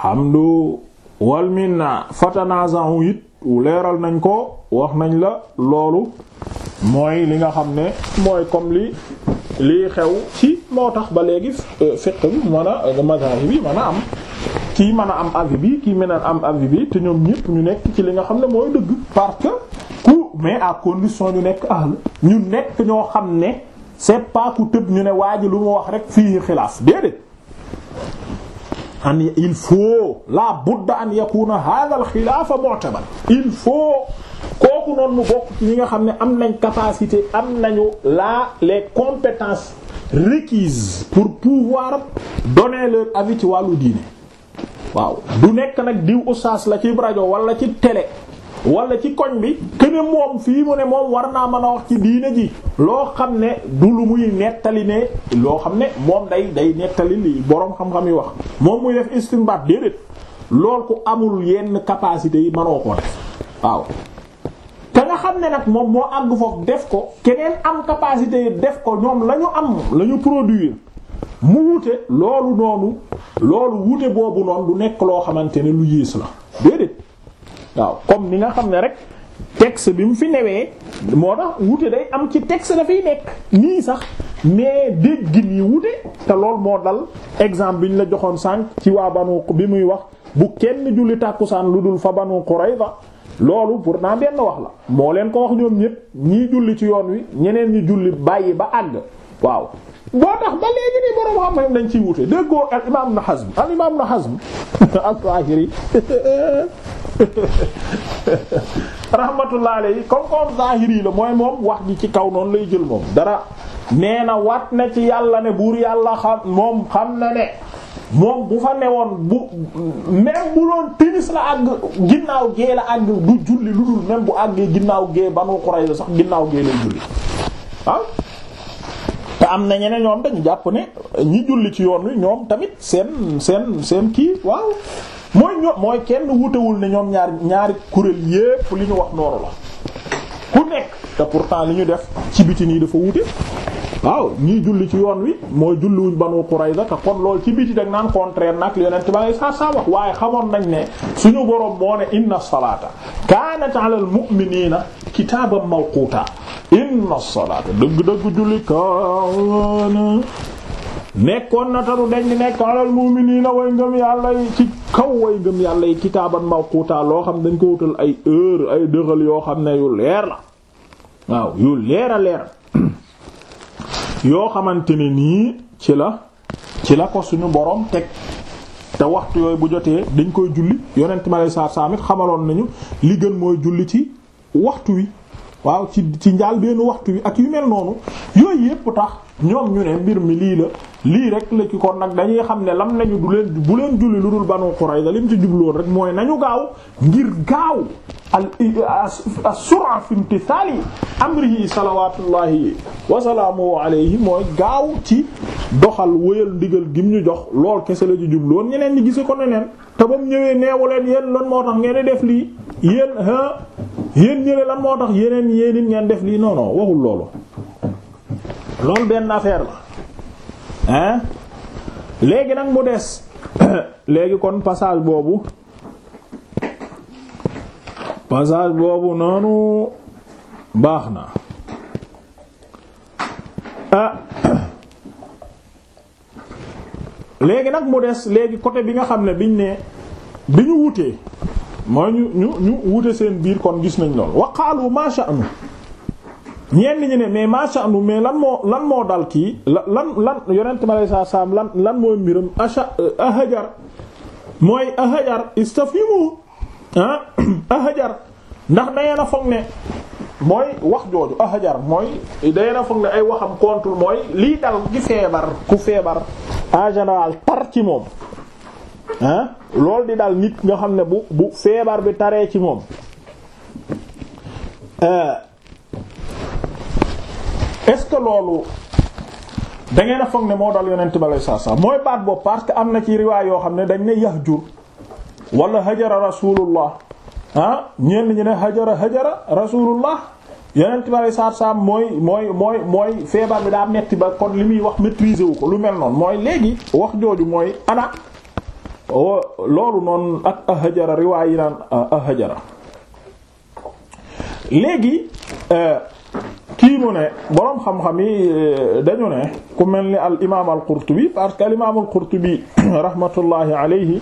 hamdu wal minna fatanaza'u it leeral nañ ko wax nañ la loolu mooy li nga xam ne mooy comme li lii xew ci moo tax ba léegi euh, fiq bi mën a euh, mazahib bi mën a am kii mën a am avis bi kii mën a am avis bi te ñoom ñëpp ñu nekk ci li nga xam ne mooy dëgg parce que ku mais à condition ñu nekk ahl ñu nekk ñoo xam ne c'est pas ku tëb ñu ne waaj ji lu mu wax rek fii xilaaf déedéet an il faut la budda an yakuna hadha al xilaaf mu'tabar il faut kooku noonu mu bokk ñi nga xam ne am nañ capacité am nañu la les compétences requises pour pouvoir donner leur avis ci wàllu diine waaw du nekk nag diw oustaz la ci rajo wala ci télé wala ci koñ bi kene moom fii mu ne moom war naa mën a wax ci diine ji loo xam ne du lu muy nettali ne loo xam ne moom day day nettali li boroom xam-xam yi wax moom muy def istimbat déedéet lool ku amul yenn capacité yi mënoo ko def waaw nga xam ne nag moom moo àgg foofu def ko keneen am capacité def ko ñoom lañu am la ñu produire mu wute loolu noonu loolu wute boobu noonu du nekk loo xamante ne lu yées la déedéet waaw comme ni nga xam ne rek texte bi mu fi newee moo tax wute day am ci texte dafay nekk nii sax mais dégg nii wute te loolu moo dal exemple bi ñu la joxoon sànq ci waa banu bi muy wax bu kenn julli tàkkusaan lu dul fa banu Qurayza loolu pour pourtant benn wax la moo leen ko wax ñoom ñépp ñii julli ci yoon wi ñeneen ñi julli bàyyi ba àgg waaw boo tax ba léegi nii borom xam xam dañ ciy wute déggoo al imaam na Hazm al imaam na Hazm as-Zahiri rahmatullah alayhi comme comme Zahiri la mooy moom wax ji ci kaw noonu lay jël moom dara nee na wat na ci yàlla ne buur yàlla xam moom xam na ne moom bu fa newoon bu même bu doon tinis la àgg ginnaaw gee la àgg du julli lu dul même bu àggee ginnaaw gee Banu Qurayza sax ginnaaw gee lay julli ah te am na ñeneen ñoom dañu jàpp ne ñi julli ci yoon wi ñoom tamit seen seen seen kii waaw mooy ño mooy kenn wutewul ne ñoom ñaar ñaari kuréel yépp li ñu wax nooru la ku nekk te pourtant li ñu def ci biti nii dafa wute waaw ñii julli ci yoon wi mooy julliwuñ Banu Qurayza te kon lool ci biti dag naan contraire nag li yonent ba saa saa wax waaye xamoon nañ ne suñu borom moo ne inna salata kanat ala al mu'minina kitaaban mawquta inna salata dëgg-dëgg julli kaana nekkoon na taru dañ di nekk alal mu'minina way ngëm yàlla yi ci kaw way ngëm yàlla yi kitaaban mawquta loo xam dañ ko wutal ay heure ay dëxal yoo xam ne yu leer la waaw yu leer a leer yoo xamante ne nii ci la ci la ko suñu borom teg te waxtu yooyu bu jotee dañ koy julli yonent ma lay saa saamit xamaloon nañu li gën mooy julli ci waxtu wi waaw ci ci njaal benn waxtu wi ak yu mel noonu yooyu yépp tax ñoom ñu ne mbir mi lii la lii rek la kon nag dañuy xam ne lam nañu du leen bu leen julli lu dul Banu Qurayza lim ci jubloon rek mooy nañu gaaw ngir gaaw al as-sur'a fi imtithali amrihi salawatullahi wa salaamuhu mooy gaaw ci doxal wëyal ndigal gim ñu jox lool kese la ci jubloon ñeneen ñi gise ko neneen te ba mu ñëwee neewu leen yéen lan moo tax ngeen di def lii yéen ah yéen ñële lan moo tax yeneen yéen ngeen def lii non non waxul loolu loolu benn affaire la hein léegi nag mu des léegi kon passage boobu passage boobu noonu baax na ah léegi nag mu des léegi côté bi nga xam ne biñ ne bi ñu wutee mooy ñu ñu ñu wute seen biir kon gis nañ xaal bu ma sha'nu ñenn ñi ne mais macha allah mais lan moo lan moo dal kii lan lan yonent ma lay saa saam lan lan mooy mbiram acha euh, ahajar mooy ahajar istafhimu ah, ndax dangeen a foog ne mooy wax jooju ahajar mooy dangeen a foog ne ay waxam contre mooy lii dal gi feebar ku feebar en général tar ci moom ah di dal nit nga xam ne bu bu feebar bi taree ci moom. Euh, est-ce que loolu dangeen ngeen a foog ne moo dal yonent ba lay saa mooy baat boobu parce que am na ci riwaay yoo xam ne dañ ne yahjur wala hajara rasulullah ah ñenn ñi ne hajara hajara rasulullah yonent ba lay saa mooy mooy mooy mooy feebar bi daa metti ba kon li muy wax maîtriser wu ko lu mel noonu mooy léegi wax jooju mooy ana loolu noonu ak a hajara riwaay yi naan a hajara léegi. Euh, kii mu ne boroom xam-xam yi eh, dañu ne ku mel ni al imaam al qurtubi parce al imaam al qurtubi rahmatullahi alayhi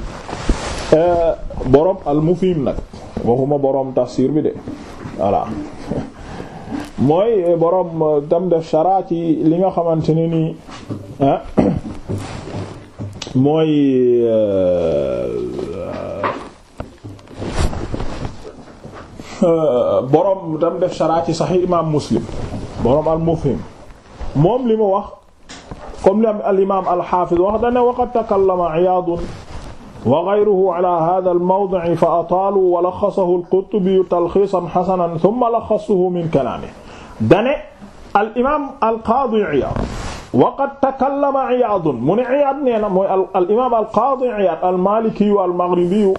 eh, boroom al mufhim nag waxuma boroom tafsir bi de voilà mooy eh, boroom tam def shara li nga xamante ne nii ah, mooy Euh, borom tam def sharaa ci saxi imaam muslim borom al mufhim moom li mu wax comme li am al imaam al xaafiz wax dana waqad takallama Iyaad wa ghayruhu ala haadha al mawdi' fa ataalu wa laxasahu al qurtubi talxiisan xasanan thumma laxasuhu min kalaamihi dane al imaam al qaadi Iyaad waqad takallama Iyaad mu ne Iyaad nee na mooy al imaam al qaadi Iyaad al maalikiyu al maghribiyu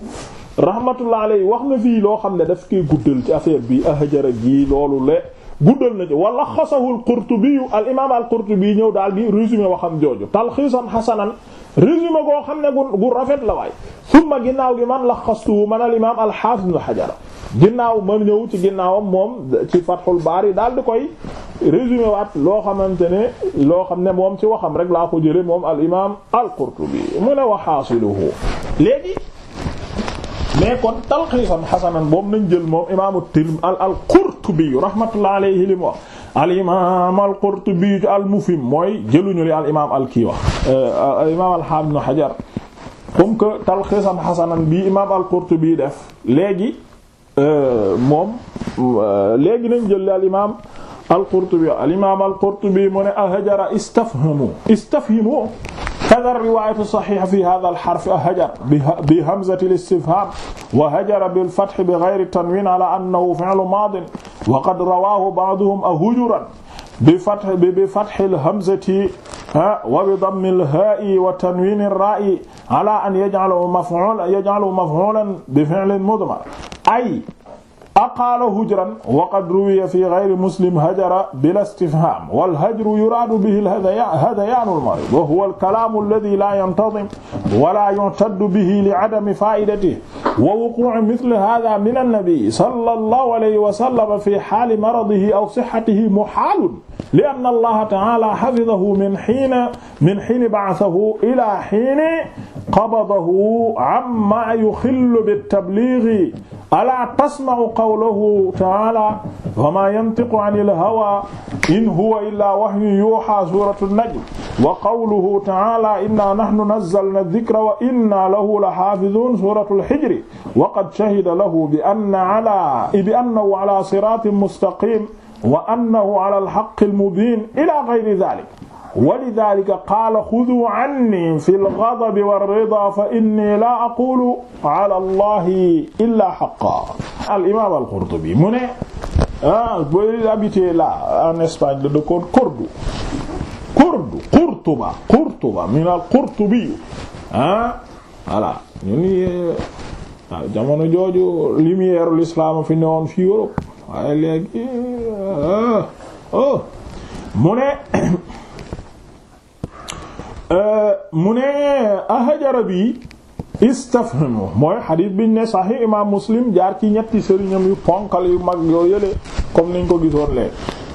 rahmatullah alayhi wax na fii loo xam ne daf koy guddal ci affaire bi a ahajara ji loolu le guddal na ci wala xasahu al-Qurtubi al imam al-Qurtubi ñëw daal di résumé waxam jooju talxiisan xasanan résumé goo xam ne gu rafet la waay summa ginnaaw gi man laxastuhu man al imam al-Hafiz ibn Hajar ginnaaw ma ñëw ci ginnaawam moom ci Fathul Bari daal di koy résumé waat loo xamante ne loo xam ne moom ci waxam rek laa ko jële moom al imam al-Qurtubi mu ne wa xaasiluhu léegi mais kon talxiisan xasanan boobu nañ jël moom imaamu Tirmidhi al al Qurtubi rahmatullah alayhi li mu wax al imaam al Qurtubi ju mooy jëluñu li al imaam al kii wax euh, al imaam al Haafiz Hajar comme que bi imaam al Qurtubi def léegi euh, moom euh, léegi nañ jël li al al-Qurtubi al-imaam al-Qurtubi mu ne ahajara istafhamu istafhimu hadha riwaayatu saxiixa fi hadha al-harf ahajar bi hamzati al-istifhaam wa hajara bil-fath bi ghayri tanwiin ala annahu fi'lu maadin wa qad rawaahu ba'duhum ahjuran bi fath bi fath al-hamzati wa bi dammi al-haa'i wa tanwiin ar-raa'i ala an yaj'alahu maf'uulan yaj'alahu maf'uulan bi fi'lin mudmar ay aqaala hujran wa qad ruwiya fi ghayri muslim hajara bila istifham wal hajru yuraadu bihi hadayaanu al-marid wa huwa al-kalaamu alladhi laa yantazim wa laa yu'taddu bihi li'adami faa'idatihi wa wuquu'i mithli haadha min an-nabi sallallahu alayhi wa sallam fi haali maradihi aw sihhatihi muhaalun li anna allaha ta'ala hafidahu min hiina min hiini ba'athahu ila hiini qabadahu amma yukhillu bit-tablighi alaa tasma'u qawlahu ta'ala wa maa yantiqu 'anil hawaa in huwa illaa wahyun yuuhaa suuratu najm wa qawluhu ta'ala innaa nahnu nazzalna dhikra wa innaa lahu lahaafizuun suuratul hijr wa qad shahida lahu bi anna 'alaa bi annahu 'alaa siraatin mustaqiim wa annahu ala al-haqqi al-mubiin ila ghayri dhalik wa lidhalika qaala khudhuu anni fi al-ghadabi war-ridaa fa inni laa aqulu ala allahi illaa haqqan. al-imaam al-Qurtubi mu ne ah booy habité là en Espagne la dëkkoon Cordoue Cordoue Qurtuba Qurtuba min al-Qurtubi ah voilà ñun ah, jamono jooju lumière l'islam fi newoon fi Europe. waaye léegi ah, oh, mu ne euh, mu ne ahajara bi istafhimu mooy xadis biñ ne sahih imam muslim jaar ci ñetti sëriñam yu ponkal yu mag yoo yële comme niñ ko gisoon lee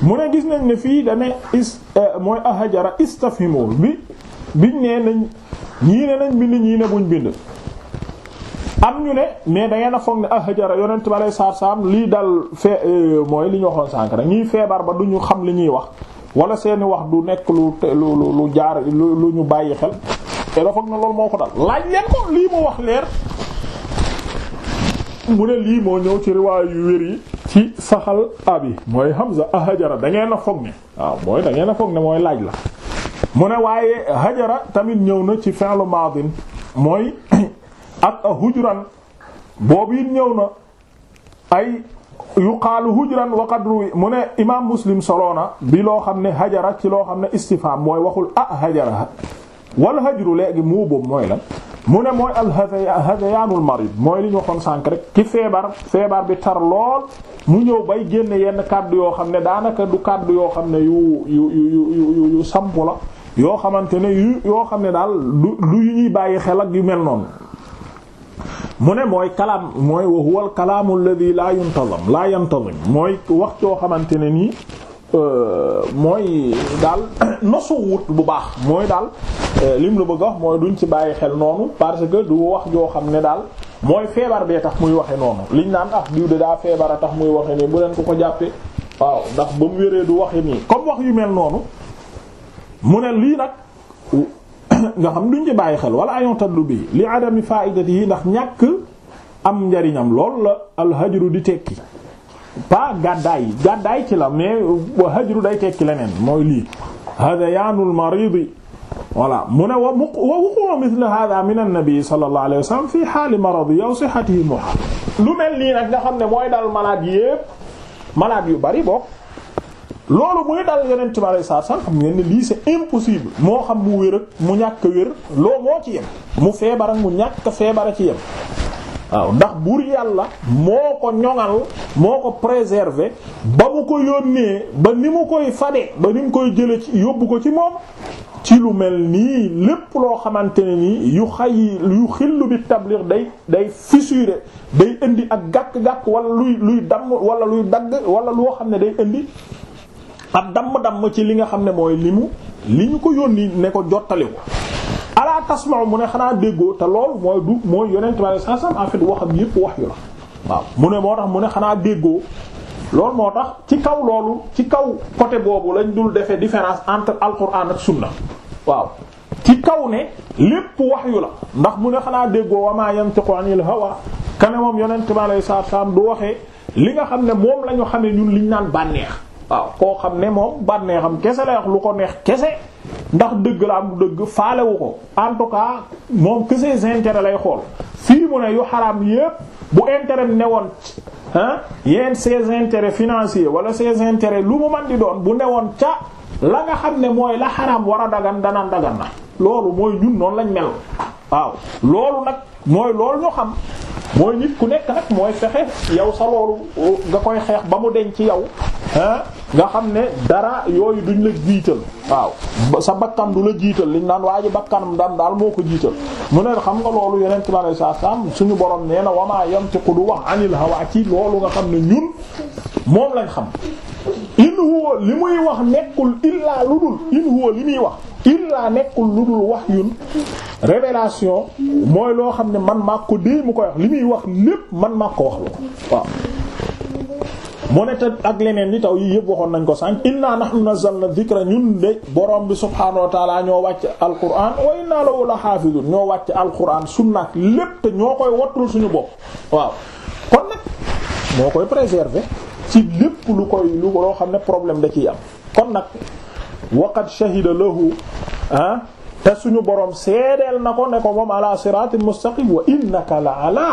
mu ne gis nañ ne fii dane is euh, mooy ahajara istafhimu bi biñ ne nañ nañ bind ñii buñ bind am ñu ne mais dangeen foog ne ah hajara yonent bi aleyhi saam lii dal fee euh, mooy li ñu waxoon sànk rek ñuy feebar ba du ñu xam li ñuy wax wala seeni wax du nekk lu lu jaar lu ñu bàyyi xel te dafa foog ne loolu moo ko dal laaj leen ko lii mu wax leer mu ne lii moo ñëw ci riwaay yu wér yi ci saxal abi mooy Hamza ah hajara da ngeen a foog ne waaw mooy da ngeen a foog ne mooy laaj la mu ne waaye hajara tamit ñëw na ci fi'lu maadin mooy. ak a hujran boobu it ñëw na ay yuqaalu hujran wa qadru mu ne imaam muslim soloona bi loo xam ne hajara ci loo xam ne istifham mooy waxul ah hajara wal hajru léegi mu boobu mooy la mu ne mooy al hazayaanul marid mooy liñ ñu waxoon sànq rek ci feebar feebar bi tar lool mu ñëw bay génne yenn kàddu yoo xam ne daanaka du kàdd yoo xam ne yu yu yu yu sampu la yoo xamante ne yu yoo xam ne daal du yu ñuy bàyyi xel ak yu mel noonu mu ne mooy kalaam mooy wa huwa al kalaamu alladhi laa yuntazam laa yantazim mooy wax joo xamante ne nii euh, mooy daal nosu wut bu baax mooy daal euh, lim lu bëgg a wax mooy duñ ci bàyyi xel noonu parce que du wax joo xam ne daal mooy feebar bee tax muy waxe noonu liñ naan ah diw daa feebar a tax muy waxe nii bu leen ko ko jàppee waaw ndax ba mu wéree du waxe nii comme wax yu mel noonu mu ne lii nag nga xam duñ ci bàyyi xel wala ayontatlu bi li adami faidati ndax ñàkk am njariñam lool la alhajru di tekki pas gàddaay gàddaay ci la mais hajru day tekki leneen mooy lii hadayanul maridi voilà mu ne wa mu wa wuqu mithla hada min an-nabi sallallahu fi haali maradi aw sihhatihi lu mel nga xam ne mooy dal malade yépp malade yu bari loolu muy dal yeneen tubaab yi saa sax xam ngeen ne lii c'est impossible moo xam mu wér mu ñàkk a loo moo ci yem mu feebar mu ñàkk feebara ci yem waaw ndax buur yàlla moo ko ñoŋal moo ko préservé ba mu ko yónnee ba ni mu koy fade ba ni mu koy jële ci yóbbu ko ci moom ci lu mel nii lépp loo xamante ne nii yu xay yu xillu bi tablir day day fissurer day indi ak gàkk-gàkk wala luy luy damm wala luy dagg wala loo xam ne day indi ak dam damm ci li nga xam ne mooy li mu li ñu ko yónni ne ko jottali ko ala tasma'u mu ne xanaa déggoo te lool mooy du mooy yonent bi saa sam en fait waxam yépp wax yu la waaw mu ne moo tax mu ne xanaa déggoo loolu moo tax ci kaw loolu ci kaw côté boobu lañ dul defee différence entre alquran ak sunna waaw ci kaw ne lépp wax yu ndax mu ne xanaa déggoo wa ma yantiqu anil hawa kane moom yonent bi saa sam du waxee li nga xam ne moom la ñu xamee ñun liñ naan bànneex waaw koo xam ne moom bànneexam kese lay wax lu ko neex kese ndax dëgg la am dëgg faalewu ko en tout cas moom kese intérêt lay xool fii mu ne yu xaraam yépp bu intérêt newoon ah yéen ses intérêts financier wala ses intérêts lu mu man di doon bu newoon ca la nga xam ne mooy la xaraam war a daggan danaan dagan na loolu mooy ñun noonu lañ mel waaw loolu nag mooy loolu ñu xam mooy nit ku nekk nag mooy fexe yow sa loolu nga koy xeex ba mu deñ ci yow ah nga xam ne dara yooyu duñ la jiital waaw sa bakkan du la jiital liñ naan waa ji mu daan daal moo ko jiital mu ne xam nga loolu yeneen ci ma saa saam suñu borom nee na wamaa yantiqu du wax anil hawa ci loolu nga xam ne ñun moom lañ xam in li muy wax nekkul illaa lu dul in li muy wax illaa nekkul lu dul wax yun révélation mooy loo xam ne man maa ko dee mu koy wax li muy wax lépp man maa ko wax la waaw mu ne te ak leneen li taw yii yëpp waxoon nañ ko sànq inna na nazzalna dhikra ñun de borom bi subhaanahu wa ta'ala ñoo wàcc alquran wa inna lahu la hafizun ñoo wàcc alquran sunnaak lépp te ñoo koy wattul suñu bopp waaw kon nag moo koy préserver ci lépp lu koy lu loo xam ne problème da ciy am kon nag waqad shahida lahu ah te suñu borom seedeel na ko ne ko moom ala siratin mustaqim wa innaka la ala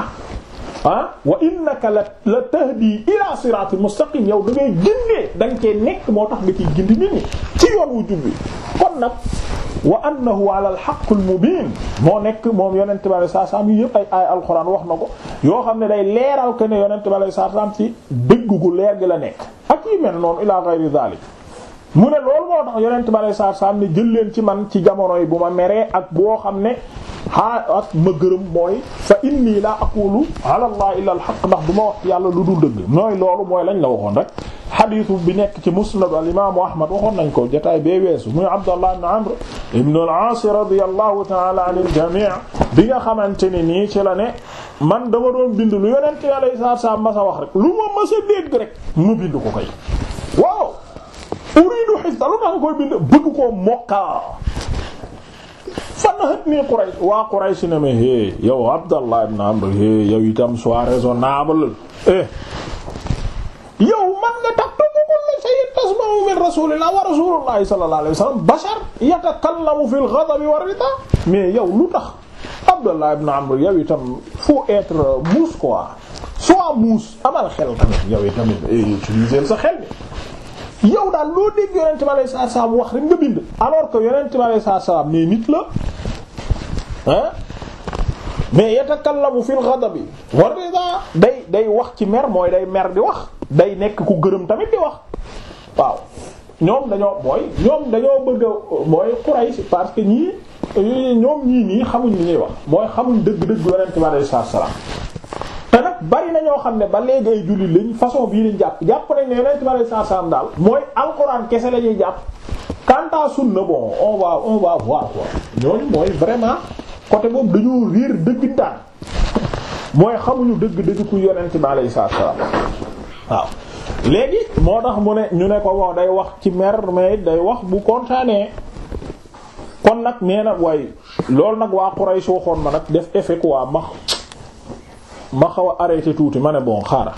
ah wa innaka la la tahdi ila siratin mustaqim yow da ngay gindee da nga cee nekk moo tax nga ciy gindi nit ñi ci yoon wu jub bi kon nag wa annahu ala alhaq almubin moo nekk moom yonente bi alei sat selaam yi yëpp ay ay alxuraan wax na ko yoo xam ne day leeral que ne yonente bi alei sat selaam ci dëgg gu leer gi la nekk ak yi mel noonu ila ghayri dhalik mu ne loolu moo tax yonent bi saam satu salaam jël leen ci man ci jamono yi bu ma meree ak boo xam ne aa ak ma gërëm mooy fa inni la aqulu ala allah illa al haqq ndax du ma wax yàlla lu dul dëgg mooy loolu mooy lañ la waxoon rek xadisu bi nekk ci musnad al imaamu ahmad waxoon nañ ko jotaay bee weesu muy abdallah ibn amr ibn al aas radiyallahu ta'ala anil jami' bi nga xamante ne nii ci la man dama bind lu yonent bi alei wax rek lu ma masa dégg rek mu bind ko koy uridu hifza lu nga koy bind bëgg koo mokka fanahat nii Quraysh waa Quraysh ne ma hé yow Abdallah ibn Amr hé yow itam sois raisonnable eh yow man nga tax tubukulla shay'in tasma'u min rasulillah wa rasulillahi sallallahu alayhi wa sallam bashar yatakallamu fil ghadab war rida mais yow lu tax Abdallah ibn Amr yow itam faut être mousse quoi sois mousse amal xel tamit yow itamit eh, utiliser sa xel bi yow daal loo dégg yonent bi alayhi salaatu salaam wax rek nga bind alors que yonent bi alayhi salaatu salaam mais nit la ah mais yatakallamu fil ghadabi war rida day day wax ci mer mooy day mer di wax day nekk ku gërëm tamit di wax waaw ñoom dañoo mooy ñoom dañoo bëgg a mooy Quraysh parce que ñii ñoom ñii nii xamuñ li ñuy wax mooy xamuñ dëgg-dëgg yonent bi alayhi salaatu salaam te nag bari na ñoo xam ne ba léegi ay lañuy lañ façon bii lañ jàpp jàpp nañ ne yonent bi alayhi salaam daal mooy alxuraan kese la ñuy jàpp quant à sunna bon on va on va voir quoi vraiment côté boobu dañoo dëgg mooy xamuñu dëgg-dëgg ku yonent léegi moo tax mu ne ñu ne ko wax day wax ci mer mais day wax bu kontaanee kon nag nee na waaye loolu nag waa Quraysh waxoon ma nag def effet waa max ma xaw a arrêté tuuti ma ne bon xaara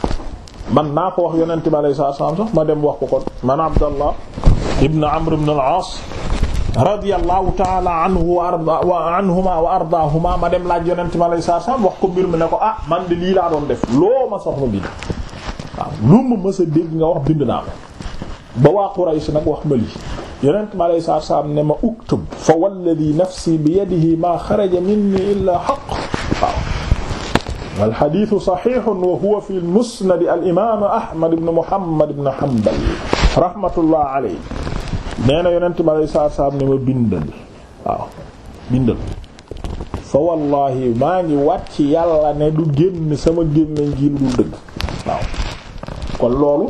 man naa ko wax yonent bi alayhi salaam ma dem wax ko kon man Abdallah ibn Amr ibn al-As radiyallahu ta'ala anhu wa ardaahuma ma dem laaj yonent bi alayhi salaam ko mbir mi ne ko ah man de lii laa doon def loo ma soxla bind waaw ma mës a dégg nga wax bind naa ko ba waa Quraysh nag wax ma lii yonent bi alayhi salaam ne ma uktub fa walladhi nafsi bi ma xaraja minni illa haqq alxadiisu saxiixun wa huwa fi musnadi al imaam Ahmad ibn Muhammad ibn Hanbal rahmatullah aleyhi nee na yonent ma lay saa saam ne ma bindal waaw bindal. fa wallahi maa ngi wat ci yàlla ne du génn sama gémmiñ gi lu dul dëgg waaw kon loolu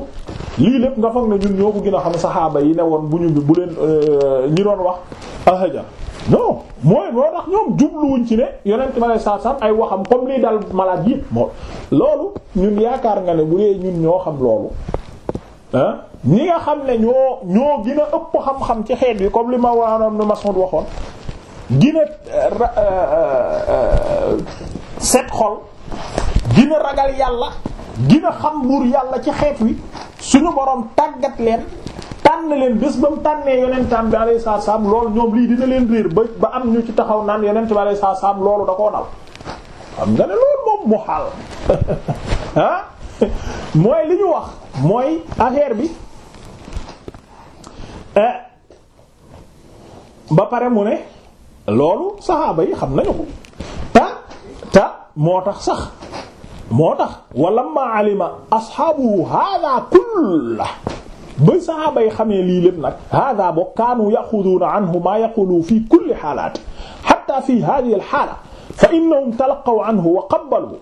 lii lépp nga foog ne ñun ñoo ko gën a xam saxaaba yi ne woon bu ñu bu leen euh, ñi doon wax ahaja non mooy moo tax ñoom jubluwuñ ci ne yonent ma lay saasam ay waxam comme liy dal malade yi moo loolu ñun yaakaar nga ne bu dee ñun ñoo xam loolu ah ñi nga xam ne ñoo ñoo gën ëpp xam-xam ci xeet yi comme li ma waanoon nu ma Mas'ud waxoon gën euh, euh, euh, set xol gën a ragal yàlla gën xam buur yàlla ci xeet wi suñu boroom tàggat leen tànn leen bés ba mu tànnee yonentam bi alayhi salaam loolu ñoom lii dina leen réer ba ba am ñu ci taxaw naan yonent bi alayhi salaam loolu da koo dal xam nga ne loolu moom mu xaal ah mooy li ñu wax mooy affaire bi eh, ba pare mu ne loolu saxaaba yi xam nañu ko ta ta moo tax sax moo tax walamma alima asxaabuhu hada kullah ba saxaaba yi xamee lii lépp nag hada bo kaanu yaxuduuna anhu maa yaqulu fi kulli xaalaati hatta fi hadihi al xaala fa innahum talaqaw anhu wa qabbalu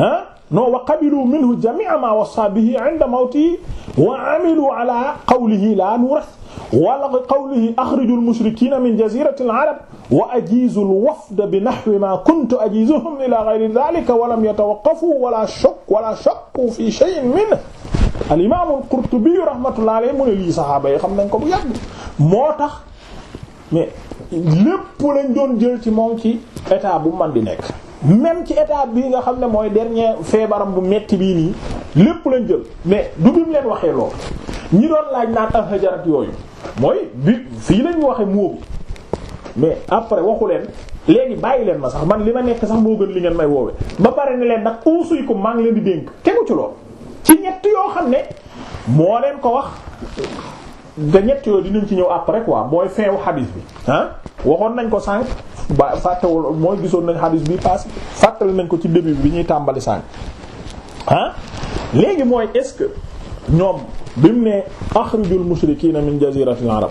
ha non wa qabilu minhu jami'a ma wasa bihi 'inda mawtihi wa 'amilu 'ala qawlihi la nurath wa qawlihi akhriju al-mushrikina min jazirati al-'arab wa ajizu al-wafda bi nahwi ma kuntu ajizuhum ila ghayri dhalika wa lam yatawaqqafu wala shakk wala shakku fi shay'in minhu al-imam al-Qurtubi rahmatullahi alayhi mu ne lii sahaaba yi xam nañ ko bu yàgg moo tax mais lépp lañ doon jël ci moom ci état bu man di nekk même ci état bii nga xam ne mooy dernier feebaram bu metti bii nii lépp lañ jël mais du bi leen waxee lool ñi doon laaj naan al hajarat yooyu mooy bi fii lañ waxe moo bi mais après waxu leen léegi bàyyi leen ma sax man li ma nekk sax moo gën li ngeen may woowe ba pare ne leen nag uusuy ko maa ngi leen di dénk tegu ci lool ci ñett yoo xam ne moo leen ko wax da ñett yooyu dinañ ci ñëw après quoi mooy fin wu xadis bi ah waxoon nañ ko sànq ba fàttewul mooy gisoon nañ xadis bi passé fàttali nañ ko ci début bi ñuy tàmbali sànq ah léegi mooy est-ce que ñoom bi mu ne axrijul mushrikiina min jaziratil arab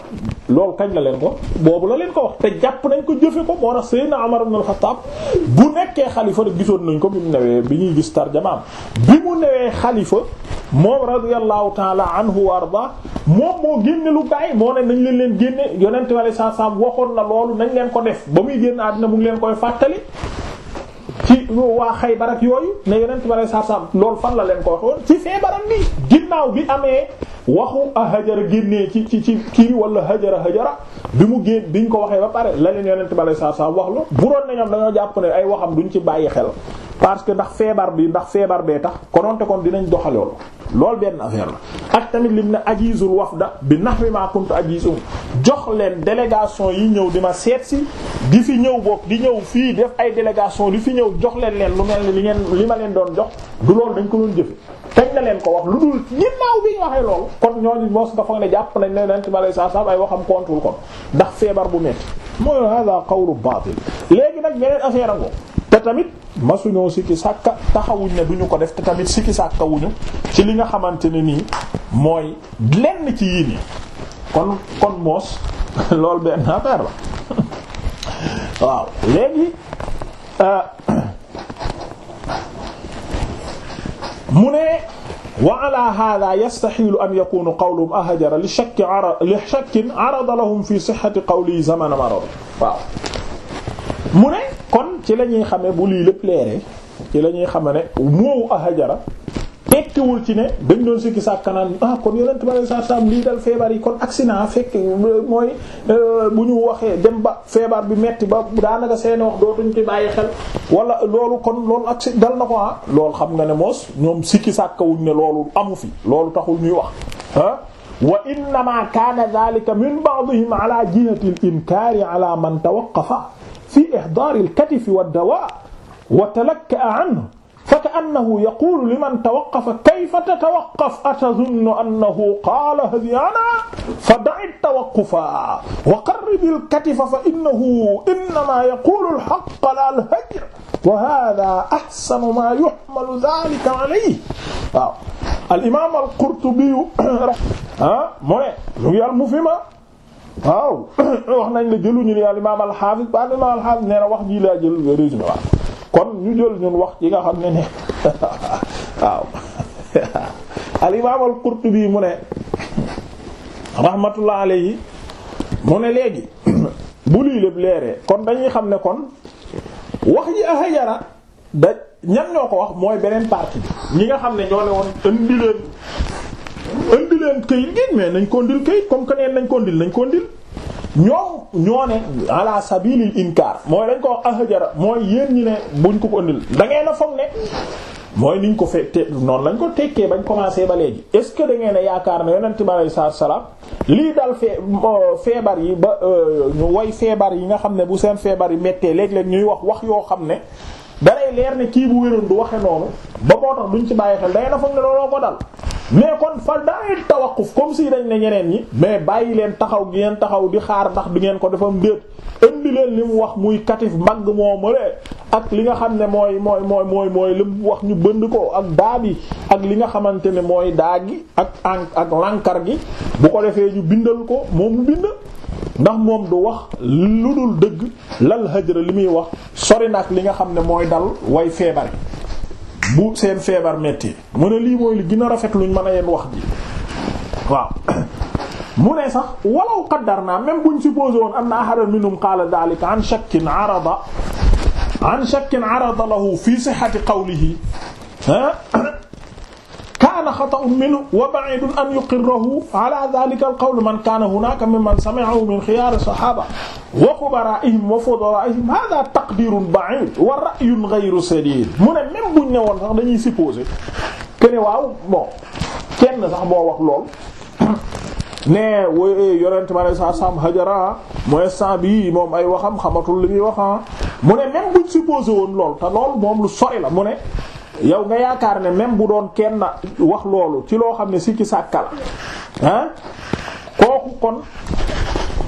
loolu kañ la leen ko boobu la leen ko wax te jàpp nañ ko jëfe ko moo tax Seydina Umar ibn al-Khattab bu nekkee xalifa rek gisoon nañ ko bi mu newee bi ñuy gis tarjamaam bi mu newee xalifa moom radiyallahu ta'ala anhu wa arda moom moo génne lu gaay moo ne nañ leen leen génne yonent wala sa sam waxoon na loolu nañ leen ko def ba muy génn àddina mu ngi leen koy fàttali ci waa Xaybar ak yooyu ne yeneen tubaab yi saa saa loolu fan la leen ko waxoon ci feebaram bi ginnaaw bi amee waxu a hajara génnee ci ci ci kii wala hajara hajara bi mu génn biñ ko waxee ba pare la leen yeneen tubaab yi saa saa wax lu bu doon ne ñoom dañoo jàpp ne ay waxam duñ ci bàyyi xel parce que ndax feebar bi ndax feebar bee tax kononte kon dinañ doxal loolu loolu benn affaire la ak tamit lim ne ajizul wafda bi nax nahwi ma kuntu ajizum jox leen délégation yi ñëw di ma seet si di fi ñëw bokk di ñëw fii def ay délégation di fi ñëw jox leen leen lu mel ni li ngeen li ma leen doon jox du loolu dañ ko doon jëfe teñ na leen ko wax lu dul ginnaaw bi ñu waxee loolu kon ñooñu mos nga foog ne jàpp nañ ne nent ma lay saa saa ay waxam kontul kon ndax feebar bu metti mooy hada qawlu baatil léegi nag beneen affaire ango tamit masuñoo sikki sàkka taxawuñ ne duñu ko def te tamit sikki sàkkawuñu ci li nga xamante ne nii mooy lenn ci yii nii kon kon moos loolu benn affaire la waaw léegi euh, mu ne wa ala hada yastaxilu an yakunu qawluhum ahjara li shakkin arada lahum fi sihhati qawli zaman marad waaw mu ne kon ci la ñuy xamee bu lii lépp leeree ci la ñuy xamee ne moowu ahajara tekkiwul ci ne dañ doon sikki sàkkanaan ah kon yonent bi saa saam dal feebar yi kon accident fekk mooy euh, bu ñu waxee dem ba feebar bi metti ba daanaka seen wax dootuñ ci bàyyi xel wala loolu kon loolu accident dal na ko ah loolu xam nga ne moos ñoom sikki sàkkawuñ ne loolu amu fi loolu taxul ñuy wax ah wa innama kaana dhalika min ba'dihim ala jihati al-inkari ala man tawaqqafa fi ihdaar al-katif wad-dawa wa talakka'a anhu فكأنه يقول لمن توقف كيف تتوقف أتظن أنه قال هذيانا فدع التوقف وقرب الكتف فإنه إنما يقول الحق لا الهجر وهذا أحسن ما يحمل ذلك عليه waaw al imaam al Qurtubi ah mu ne waaw wax nañ la jëluñu ni al imaam al xaafis ba al imaam xaafis nee wax ji laa jël résumé waaw kon ñu jël ñun wax yi nga xam ne ne waaw al imaam al mu ne rahmatullah alayhi mu ne léegi bu lii lépp leeree kon dañuy xam ne kon wax yi ahayara da ñan ñoo ko wax mooy beneen partie bi ñi nga xam ne ñoo ne woon leen këyit gi mais nañ kondil këyit comme que neen nañ kondil nañ ko kondil ñoom ñoo ne ala sabilil inkar mooy dañ ko wax ahajara mooy yéen ñi ne buñ ko ko da ngeen a foog ne mooy niñ ko fee te noonu lañ ko tekkee bañ commencé ba léegi est ce que da ngeen a yaakaar ne yonent bi alayhi salaatu salaam lii dal fee euh, feebar yi ba euh, ñu woy feebar yi nga xam ne bu seen feebar yi méttee léeg-léeg ñuy wax wax yoo xam ne dalay leer ne kii bu wéroon du waxe noonu ba moo tax duñ ci bàyyi xel day na foog ne looloo ko dal mais kon fal daay tawaquf comme si dañ ne ñeneen ñi mais bàyyi leen taxaw gi ngeen taxaw di xaar ndax du ngeen ko defam déet indi leen li mu wax muy katif mbagg moom mënee ak li nga xam ne mooy mooy mooy mooy mu wax ñu bënd ko ak daa bi ak li nga xamante ne mooy daa gi ak ak lànkar gi bu ko defee ñu bindal ko moom mu ndax moom du wax lu dul dëgg lal hajra li muy wax sori na ak li nga xam ne mooy dal way feebar bu seen feebar metti mu ne lii mooy li gën a rafet luñ mën a yeen wax ji waaw mu ne sax walaw qaddarna même buñ supposé woon anna ahadan minhum qaala dhalika an shakkin arada an shakkin arada lahu fi sihhati qawlihi kaana xata'un minhu wa ba'idun an yuqirrahu ala dhalika man kaana hunaka mimman sami'ahu min khiyar as-sahaba wa kubara'ihim wa fudara'ihim hadha taqdirun ba'id wa ra'yun ghayru sadid mu ne même buñ ne woon sax dañuy supposer que ne waaw kenn sax boo wax lool ne wooy yorente ma ne sa sam hajara mooy san bi moom ay waxam xamatul li wax ah. mu ne supposé woon lool lool moom lu sori la mu yow nga yaakaar ne même bu doon kenn wax loolu ci loo xam ne sikki sàkkal ah kooku kon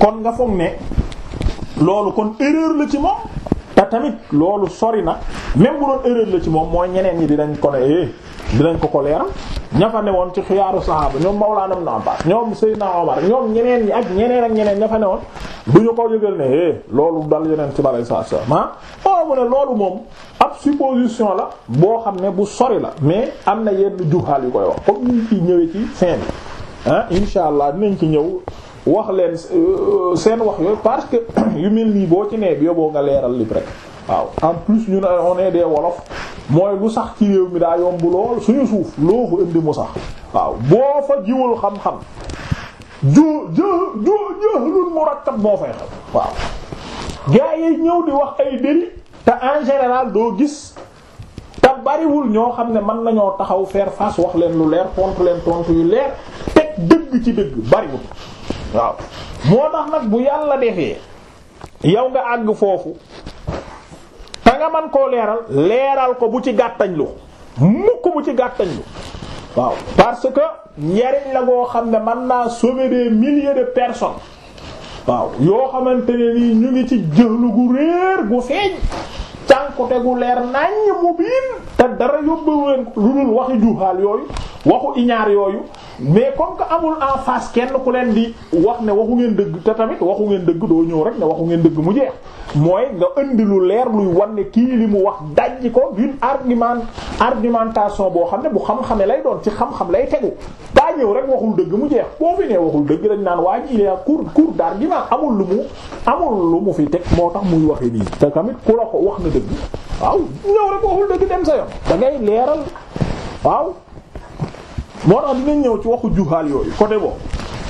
kon nga foog ne loolu kon erreur la ci moom te tamit loolu sori na même bu doon erreur la ci moom mooy ñeneen ñi dinañ ko ne eh, dinañ ko ko leeral ña fa woon ci xiyaaru saxaaba ñoom Mawlaana Ibn Abbaas ñoom Seydina Omar ñoom ñeneen ñi ak ñeneen ak ñeneen ña fa newoon du ñu ko yëgal ne eh loolu dal yeneen ci balay saa saa ah. ma waaw mu ne loolu moom ab supposition la boo xam ne bu sori la mais am na yenn juhaal yu koy wax comme ni ñu ciy ñëwee ci fin bi ah incha allah dinañ ci ñëw. wax leen euh, seen wax yooyu parce que yu mel nii boo ci nee bi yóbboo nga leeral li rek waaw en plus ñu ne on est des wolof mooy lu sax ci réew mi daa yomb lool suñu suuf loo fa indi mu sax waaw boo fa jiwul xam-xam ju jë ju jëhlul murakkab moo fay xam waaw gaa ñëw di wax ay déli te en général doo gis te bariwul ñoo xam ne mën nañoo taxaw faire face wax leen lu leer tontu leen tontu yu leer teg ci dëgg bariwul waaw moo tax nag bu yàlla defee yow nga àgg foofu nga man koo leeral leeral ko bu ci gàttañlu lu mukk bu ci gàttañ lu waaw parce que njariñ la ngoo xam ne man naa sauver des milliers de personnes waaw yoo xamante ne nii ñu ngi ci jëxlu gu réer gu feeñ cànkute gu leer naññ mu biin te dara yóbbawen lu dul waxi juuxaal yooyu waxu iñaar yooyu mais comme que amul en face kenn ku leen di wax ne waxu ngeen dëgg te tamit waxu ngeen dëgg doo ñëw rek ne waxu ngeen dëgg mu jeex mooy nga indi lu leer luy wan ne kii li mu wax dajji ko d'une argument argumentation boo xam ne bu xam-xame lay doon ci xam-xam lay tegu daa ñëw rek waxul dëgg mu jeex boo fi nee waxul dëgg dañ naan waa ji il est amul lu mu mu fi teg moo tax muy waxi nii te tamit ku la ko wax na dëgg waaw ñëw rek waxul dëgg dem sa yoon da leeral waaw moo tax dinañ ñëw ci waxu juhaal yooyu côté boobu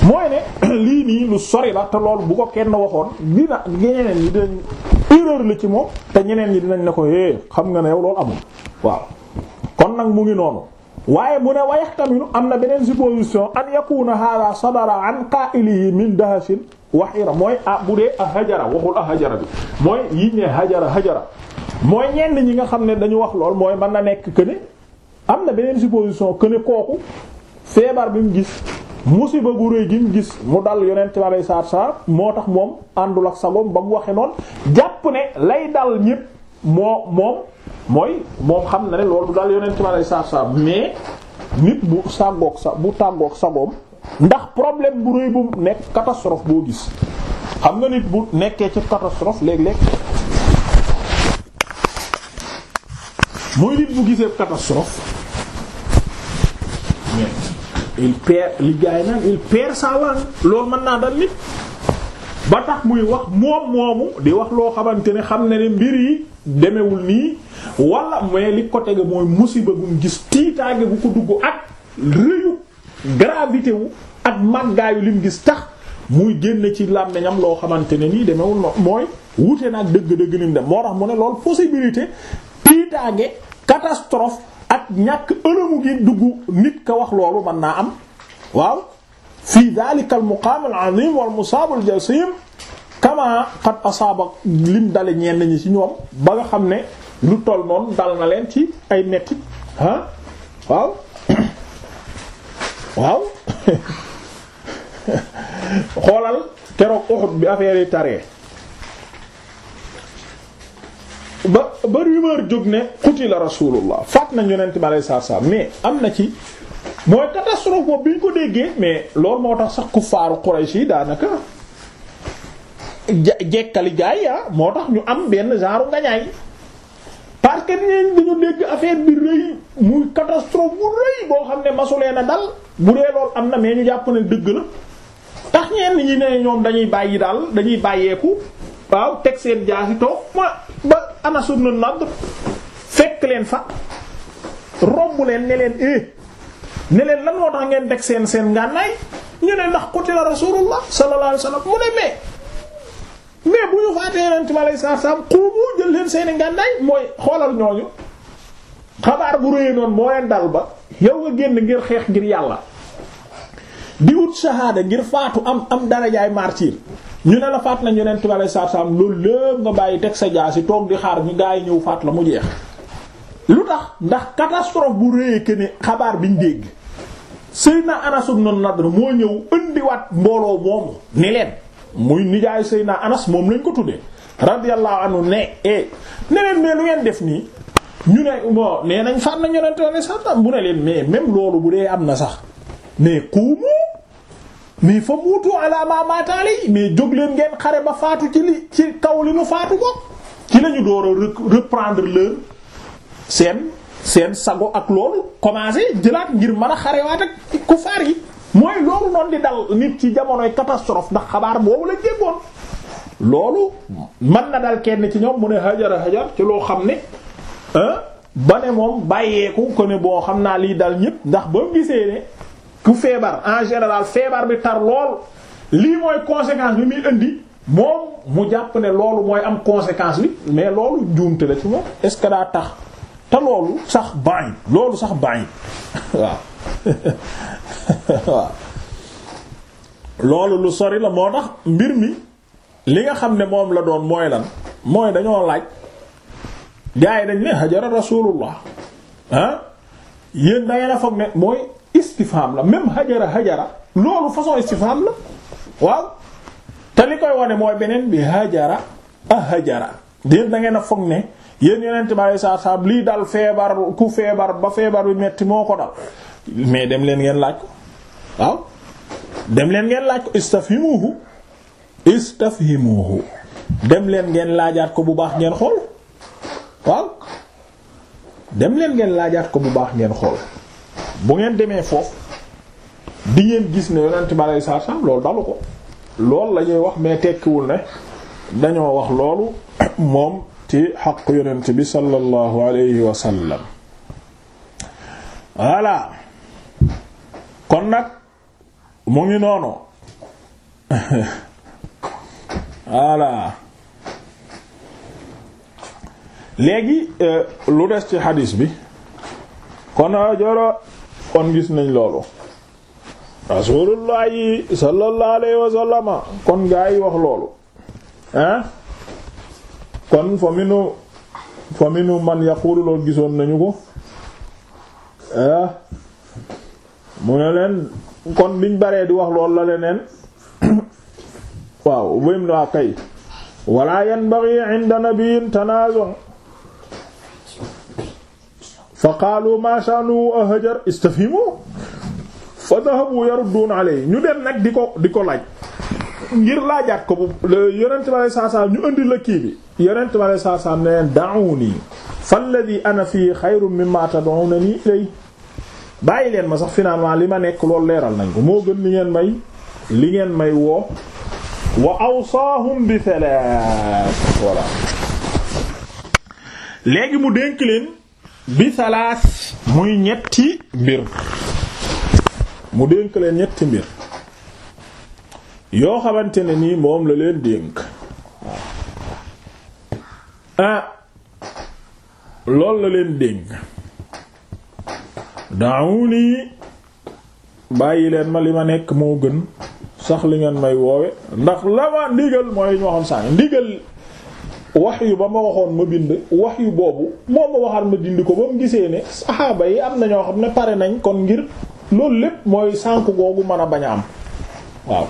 mooy ne lii nii lu sori la te lool bu ko kenn waxoon dina ñeneen ñi dinañ ci moom te ñeneen ñi dinañ ne ko é eh, xam nga ne yow loolu amul waaw kon nag mu ngi noonu waaye mu ne wayaxtamilu am na beneen supposition an yakuna hada sadara an qa'ilihi wax dahashin waxira mooy ah bu dee a hajara waxul a hajara bi mooy yiñ ne hajara hajara mooy ñenn ñi nga xam ne dañu wax lool mooy mën na nekk que am na beneen supposition que ne kooku feebar bi mu gis musiba gu réy gi mu gis mu dal yonent ma lay saar saar moo tax moom àndul ak sagoom ba mu waxee noonu jàpp ne lay dal ñépp moo moom mooy moom xam na ne loolu mu dal ci ma lay saar saar mais nit bu sàggoog sa bu tàggoog sagoom ndax problème bu rëy bu nekk catastrophe boo gis xam nga nit bu nekkee ci catastrophe léeg-léeg mooy nit bu gisee catastrophe il perd li gars yi naan il perd sa langue loolu mën naa dal nit ba tax muy wax moom moomu di wax loo xamante ne xam ne ne mbir yi demewul nii wala mais li ko tege mooy musiba gum gis tiitaange gu ko dugg ak rëyu gravité wu ak màggaayu lim gis tax muy génn ci làmmiñam loo xamante ne nii demewul moo mooy wute naag dëgg-dëgg nim dem moo tax mu ne loolu possibilité tiitaange catastrophe ak ñàkk ëlëmu gi dugg nit ka wax loolu mën naa am waaw fi dhalika al muqaam al azim wal musaab al jasim kama qad asaaba lim dale ñenn ñi ci ñoom ba nga xam ne lu toll noonu dal na leen ci ay metti ah waaw waaw xoolal keroog Uhud bi affaire yi ba ba rumeur jóg ne qutila rasulullah faat nañ yonent bi alayhi salaatu salaam mais am na ci mooy catastrophe bi ñu ko déggee mais loolu moo tax sax kuffaaru Quraysh yi daanaka jekkali jaay ya ah. moo tax ñu am benn genre ngañaay parce que ñeen dañu dégg affaire bi rëy muy catastrophe bu rëy boo xam ne masulee na dal bu dee lool am na mais ñu jàpp ne dëgg la tax ñeen ñi ne ñoom dañuy bàyyi daal dañuy bàyyeeku waaw teg seen jaasi ma ba Anas ibn Nadr fekk leen fa romb leen ne leen eh ne leen lan ngeen teg seen seen ngànnaay ñu ne ndax qutila rasulullah sallallahu alayhi wasallam mu ne mais mais bu ñu faatee yonent bi alayhi salaam xuubu jël leen seen ngànnaay mooy xoolal ñooñu xabaar bu réy noonu moo leen dal ba yow nga génn ngir xeex ngir yàlla di wut shahaada ngir faatu am am darajaay martyr ñu ne la faat nañ yonent bi alayhi salaatu salaam loolu lépp nga bàyyi teg sa jaasi toog di xaar ñu gaa yi ñëw faat la mu jeex lu tax ndax catastrophe bu réye que ne xabaar biñ dégg na Anas ibn Nadr moo ñëw indiwaat mbooloo moomu ni leen muy nijaayu Seydina Anas moom lañ ko tuddee radiyallahu anhu ne e ne leen lu ngeen def nii ñu ne moo nee nañ faat na yonent bi alayhi salaatu salaam bu ne leen mais même loolu bu dee am na sax mais kuumu mais fa muutu ala ma mata alay mais jóg leen ngeen xare ba faatu ci li ci kaw li mu faatu ko ci lañu ñu door a reprendre leur seen seen sago ak loolu commencé jëlaat ngir mën a xarewaat ak kufaar yi mooy loolu noonu di dal nit ci jamonoy catastrophe ndax xabaar boobu la jéggoon loolu mën na dal kenn ci ñoom mu ne hajar hajar ci loo xam ne ba ne moom bàyyeeku ko ne boo xam naa lii dal ñëpp ndax ba gisee ne ku feebar en général feebar bi tar lool lii mooy conséquence bi muy indi moom mu jàpp ne loolu mooy am conséquence bi mais loolu njuumte la ci moom est-ce que daa tax te loolu sax bañ loolu sax bañ waaw loolu lu sori la moo tax mbir mi li nga xam ne moom la doon mooy lan mooy dañoo laaj gars yi dañ ne hajara rasulullah ah yéen da ngeen a ne mooy. istifham la même hajara hajara loolu façon istifham la waaw te li koy wane mooy beneen bi hajara a ah hajara déet da ngeen a foog ne yéen yeneen bale saa saab lii dal feebar ku feebar ba feebar bi metti moo ko dal mais dem leen ngeen laaj ko waaw dem leen ngeen laaj ko istafhimuhu istafhimuhu dem leen ngeen laajaat ko bu baax ngeen xool waaw dem leen ngeen laajaat ko bu baax ngeen xool bu ngeen demee foofu di ngeen gis ne yonent ba lay sarsam loolu dalu ko loolu la wax mais tekkiwul ne dañoo wax loolu moom ci xaq yonent bi sallallahu alayhi wa sallam voilà kon nag mu ngi noonu voilà léegi euh, lu des ci xadiis bi kon euh, joro kon gis nañ loolu rasulullahi sallallahu alayhi wa kon gaa wax loolu ah kon fa minu fa minu man yaqulu loolu gisoon nañu ko ah mu ne leen kon biñ baree di wax loolu la leneen waaw bém waa kay wala yanbaghi 'inda nabiyyin tanaazu' fa qaalu ma sha'nu a hajar istafhimu fa dhahabu yaruddun alayhi ñu dem nag di ko di ko laaj ngir laajaat ko bu yonent bi saa saa ñu indi la kii bi yonent bi saa saa ne leen da'uni falladhi ana fii xayrun mimma tad'unani ilay bàyyi leen ma sax finalement li ma nekk loolu leeral nañ ko moo gën li ngeen may li ngeen may woo wa awsaahum bi thalath voilà léegi mu dénk leen bi thalaas muy ñetti mbir mu dénk leen ñetti mbir yoo xamante ne nii moom la leen dénk ah loolu la leen dénk da'uni bàyyi leen ma li ma nekk moo gën sax li ngeen may woowe ndax la ma ndigal mooy li ñu waxoon ndigal wax yu ba ma waxoon ma bind wax yu boobu moom ma waxaat ma dindi ko ba mu gisee ne saxaaba yi am na ñoo xam ne pare nañ kon ngir loolu lépp mooy sànk googu mën a bañ a am waaw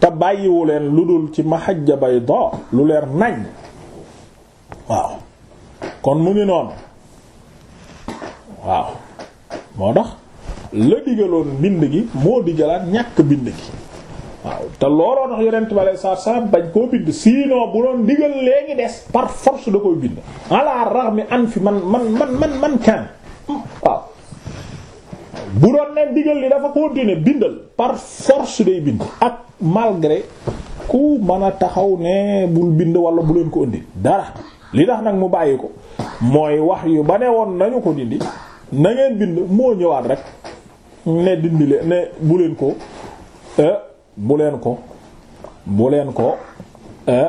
te bàyyiwu leen lu dul ci mahajja bayda lu leer nañ waaw kon mu ngi noonu waaw moo tax la digaloon bind gi moo digalaat ñàkk bind gi waaw te looloo tax yonent bi alayhi salaatu salaam bañ koo bind sinon bu doon digal léegi des par force da koy bind ala raxmi an fi man man man man man kaan waaw bu doon ne digal li dafa continuer bindal par force day bind ak malgré ku mën a taxaw ne bul bind wala bu leen ko indi dara li tax nag mu bàyyi ko mooy wax yu ba ne woon nañu ko dindi na bind moo ñëwaat rek ne dindi leen ne bu leen ko eh, bu leen ko bu leen ko euh,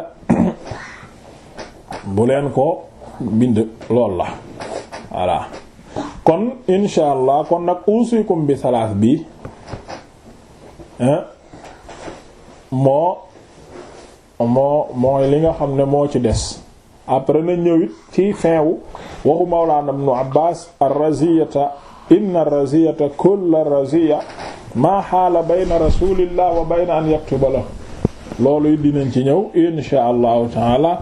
bu ko bind lool la voilà kon insha allah kon nag usikum bi salaas bi moo moo mooy li nga xam ne moo ci des après na ñëw ci fin wu waxu mawlaana ibnu abbaas ar raziyata inna ar raziyata kull ar raziya maa xaala bayna rasulillah wa bayna an yaktuba la loolu dinañ ci ñëw insha allahu taala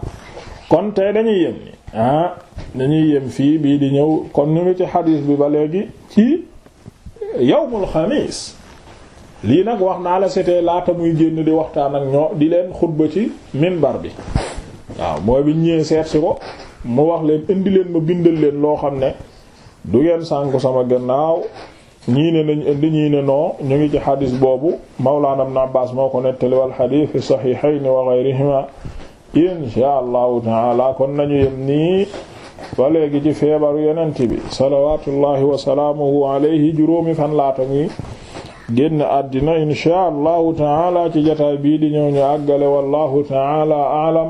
kon tey dañuy yem ni ah dañuy yem fii bii di ñëw kon ñu ngi ci xadiis bi ba léegi ci yawmul xamiis lii nag wax naa la c'était laata muy génn di waxtaan ak ñoo di leen xutba ci minbar bi waaw mooy bi ñëwee seetsi ko mu wax leen indi leen ma bindal leen loo xam ne du ngeen sànku sama gannaaw ñii ne nañ indi ñii ne non ñu ngi ci xadis boobu mawlaana ibn Abbaas moo ko nettali wal xadiis fi saxiixayn wa gayrihimaa inshaa allahu taala kon nañu yem nii ba léegi ci feebaru yonent bi salawaatullahi wa salaamuhu alayhi juróomi fan laata muy génn àddina inshaa allahu taala ci jotaay bii di ñëw wallahu taala aalam